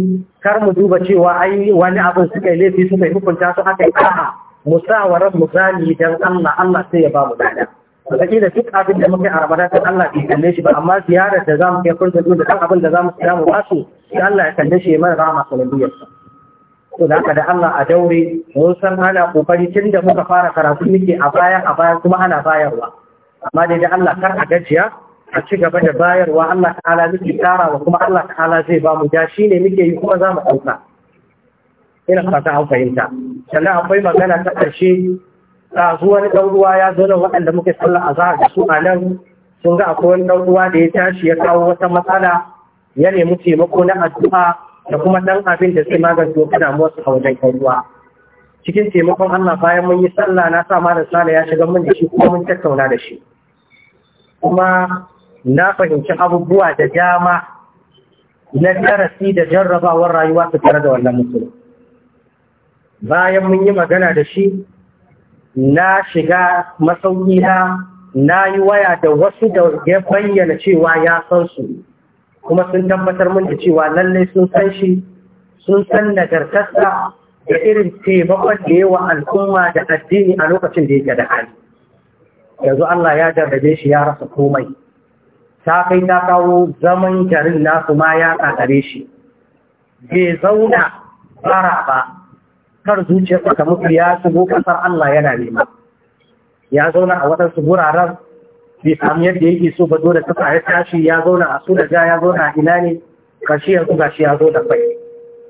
S1: kar mu duba cewa ai wani abin suka yi laifi suka yi hukunta su haka yi a'a mu sa mu zani dan Allah Allah sai ya ba mu dada da duk abin da muke a Ramadan sai Allah ya kalle shi ba amma ziyarar da zamu kai kun da kan abin da zamu samu ba su sai Allah ya kalle shi ya mana rahama sanadiyar to da haka da Allah a daure mun san ana kokari tun da muka fara karatu muke a baya a baya kuma ana bayarwa amma dai da Allah kar a gajiya a ci gaba da bayarwa Allah ta'ala muke wa kuma Allah ta'ala zai ba mu da shi ne muke yi kuma za mu ɗauka ina fata an fahimta sannan akwai magana ta ƙarshe a wani ɗan ruwa ya zo da waɗanda muke sallah a zahar da su a nan sun ga akwai wani ɗan ruwa da ya tashi ya kawo wata matsala ya nemi taimako na addu'a da kuma ɗan abin da zai magance wata damuwar a wajen ɗan ruwa cikin taimakon Allah bayan mun yi sallah na sa malam Sale ya shiga mun da shi kuma mun tattauna da shi kuma na fahimci abubuwa da dama na darasi da jarrabawar rayuwa su tare da wannan mutum bayan mun yi magana da shi na shiga masauki na na yi waya da wasu da ya bayyana cewa ya san su kuma sun tabbatar mun da cewa lallai sun san shi sun san nagartarsa da irin taimakon da yawa al'umma da addini a lokacin da yake da hali yanzu Allah ya jarrabe shi ya rasa komai ta kai ta kawo zaman garin nasu ma ya kakare shi bai zauna bara ba kar zuciyar ta mutu ya shigo kasar Allah yana nema ya zauna a su guraren bai samu yadda yake so ba dole kasa ya tashi ya zauna a su da ja ya zauna a ina ne kashi yanzu shi ya zo da bai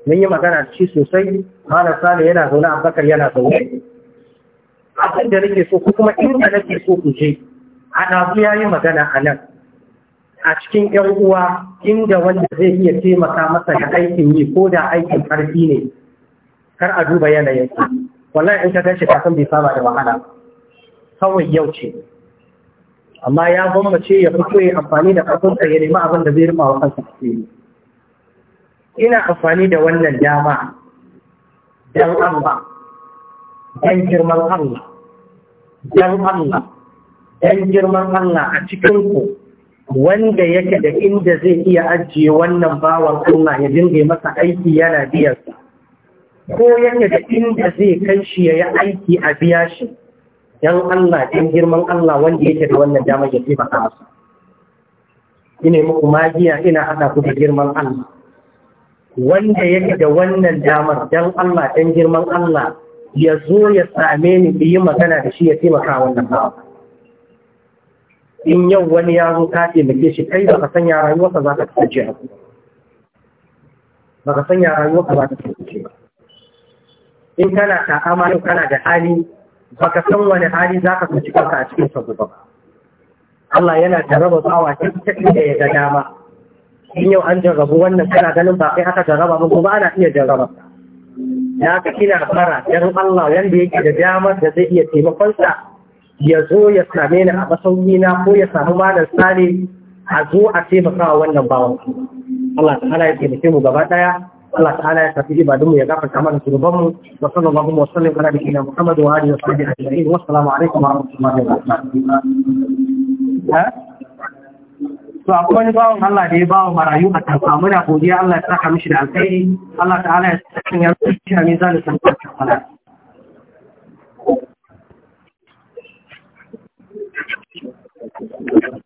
S1: mun yi magana da shi sosai malam sale yana zaune abubakar yana zaune abin da nake so ko kuma inda nake so ku je a ɗazu ya yi magana a nan a cikin ‘yan uwa inda wanda zai iya taimaka masa da aikin yi ko da aikin ƙarfi ne kar a duba yanayin wallahi in ka gashi kafin bai saba da wahala kawai yau ce amma ya gwammace ya fito ya amfani da ƙasarsa ya nemi abin da zai rima wa kansa asiri ina amfani da wannan dama don Allah don girman Allah don Allah don girman Allah a ku wanda yake da inda zai iya ajiye wannan bawan Allah ya dinga masa aiki yana biyarsa ko yake da inda zai kai shi ya yi aiki a biya shi don Allah don girman Allah wanda yake da wannan damar ya taimaka masu. Ina muku magiya ina haɗa ku da girman Allah. Wanda yake da wannan damar don Allah don girman Allah ya zo ya same ni yi magana da shi ya taimaka wannan bawa. In yau wani ya zo ka taimake shi kai baka sanya rayuwarsa za ka kasance a ba ka sanya rayuwarka za ka kasance in kana ta yau kana da hali baka san wani hali za ka kuci kanka a cikin sa gobe Allah yana jarraba cikin cikin da ya ga dama in yau an jarabu wannan kana ganin ba kai aka jaraba ba gobe ana iya jaraba ya ka kina fara dan Allah yanda yake da damar da zai iya taimakonsa ya zo ya same ni a masauki na ko ya samu malam sale a zo a taimaka wannan bawan Allah ta hana ya taimake mu gaba ɗaya. Allah ta'ala ya tafi ibadunmu ya gafarta mana surubanmu wa sallallahu wa sallam ala nabiyina Muhammad wa alihi wa sahbihi ajma'in wa assalamu alaikum wa rahmatullahi wa barakatuh to akwai bawon Allah da ya ba wa marayu a tafa muna godiya Allah ya saka mishi da alkhairi Allah ta'ala ya saka ya rubuta a mizanin da kafala Thank you.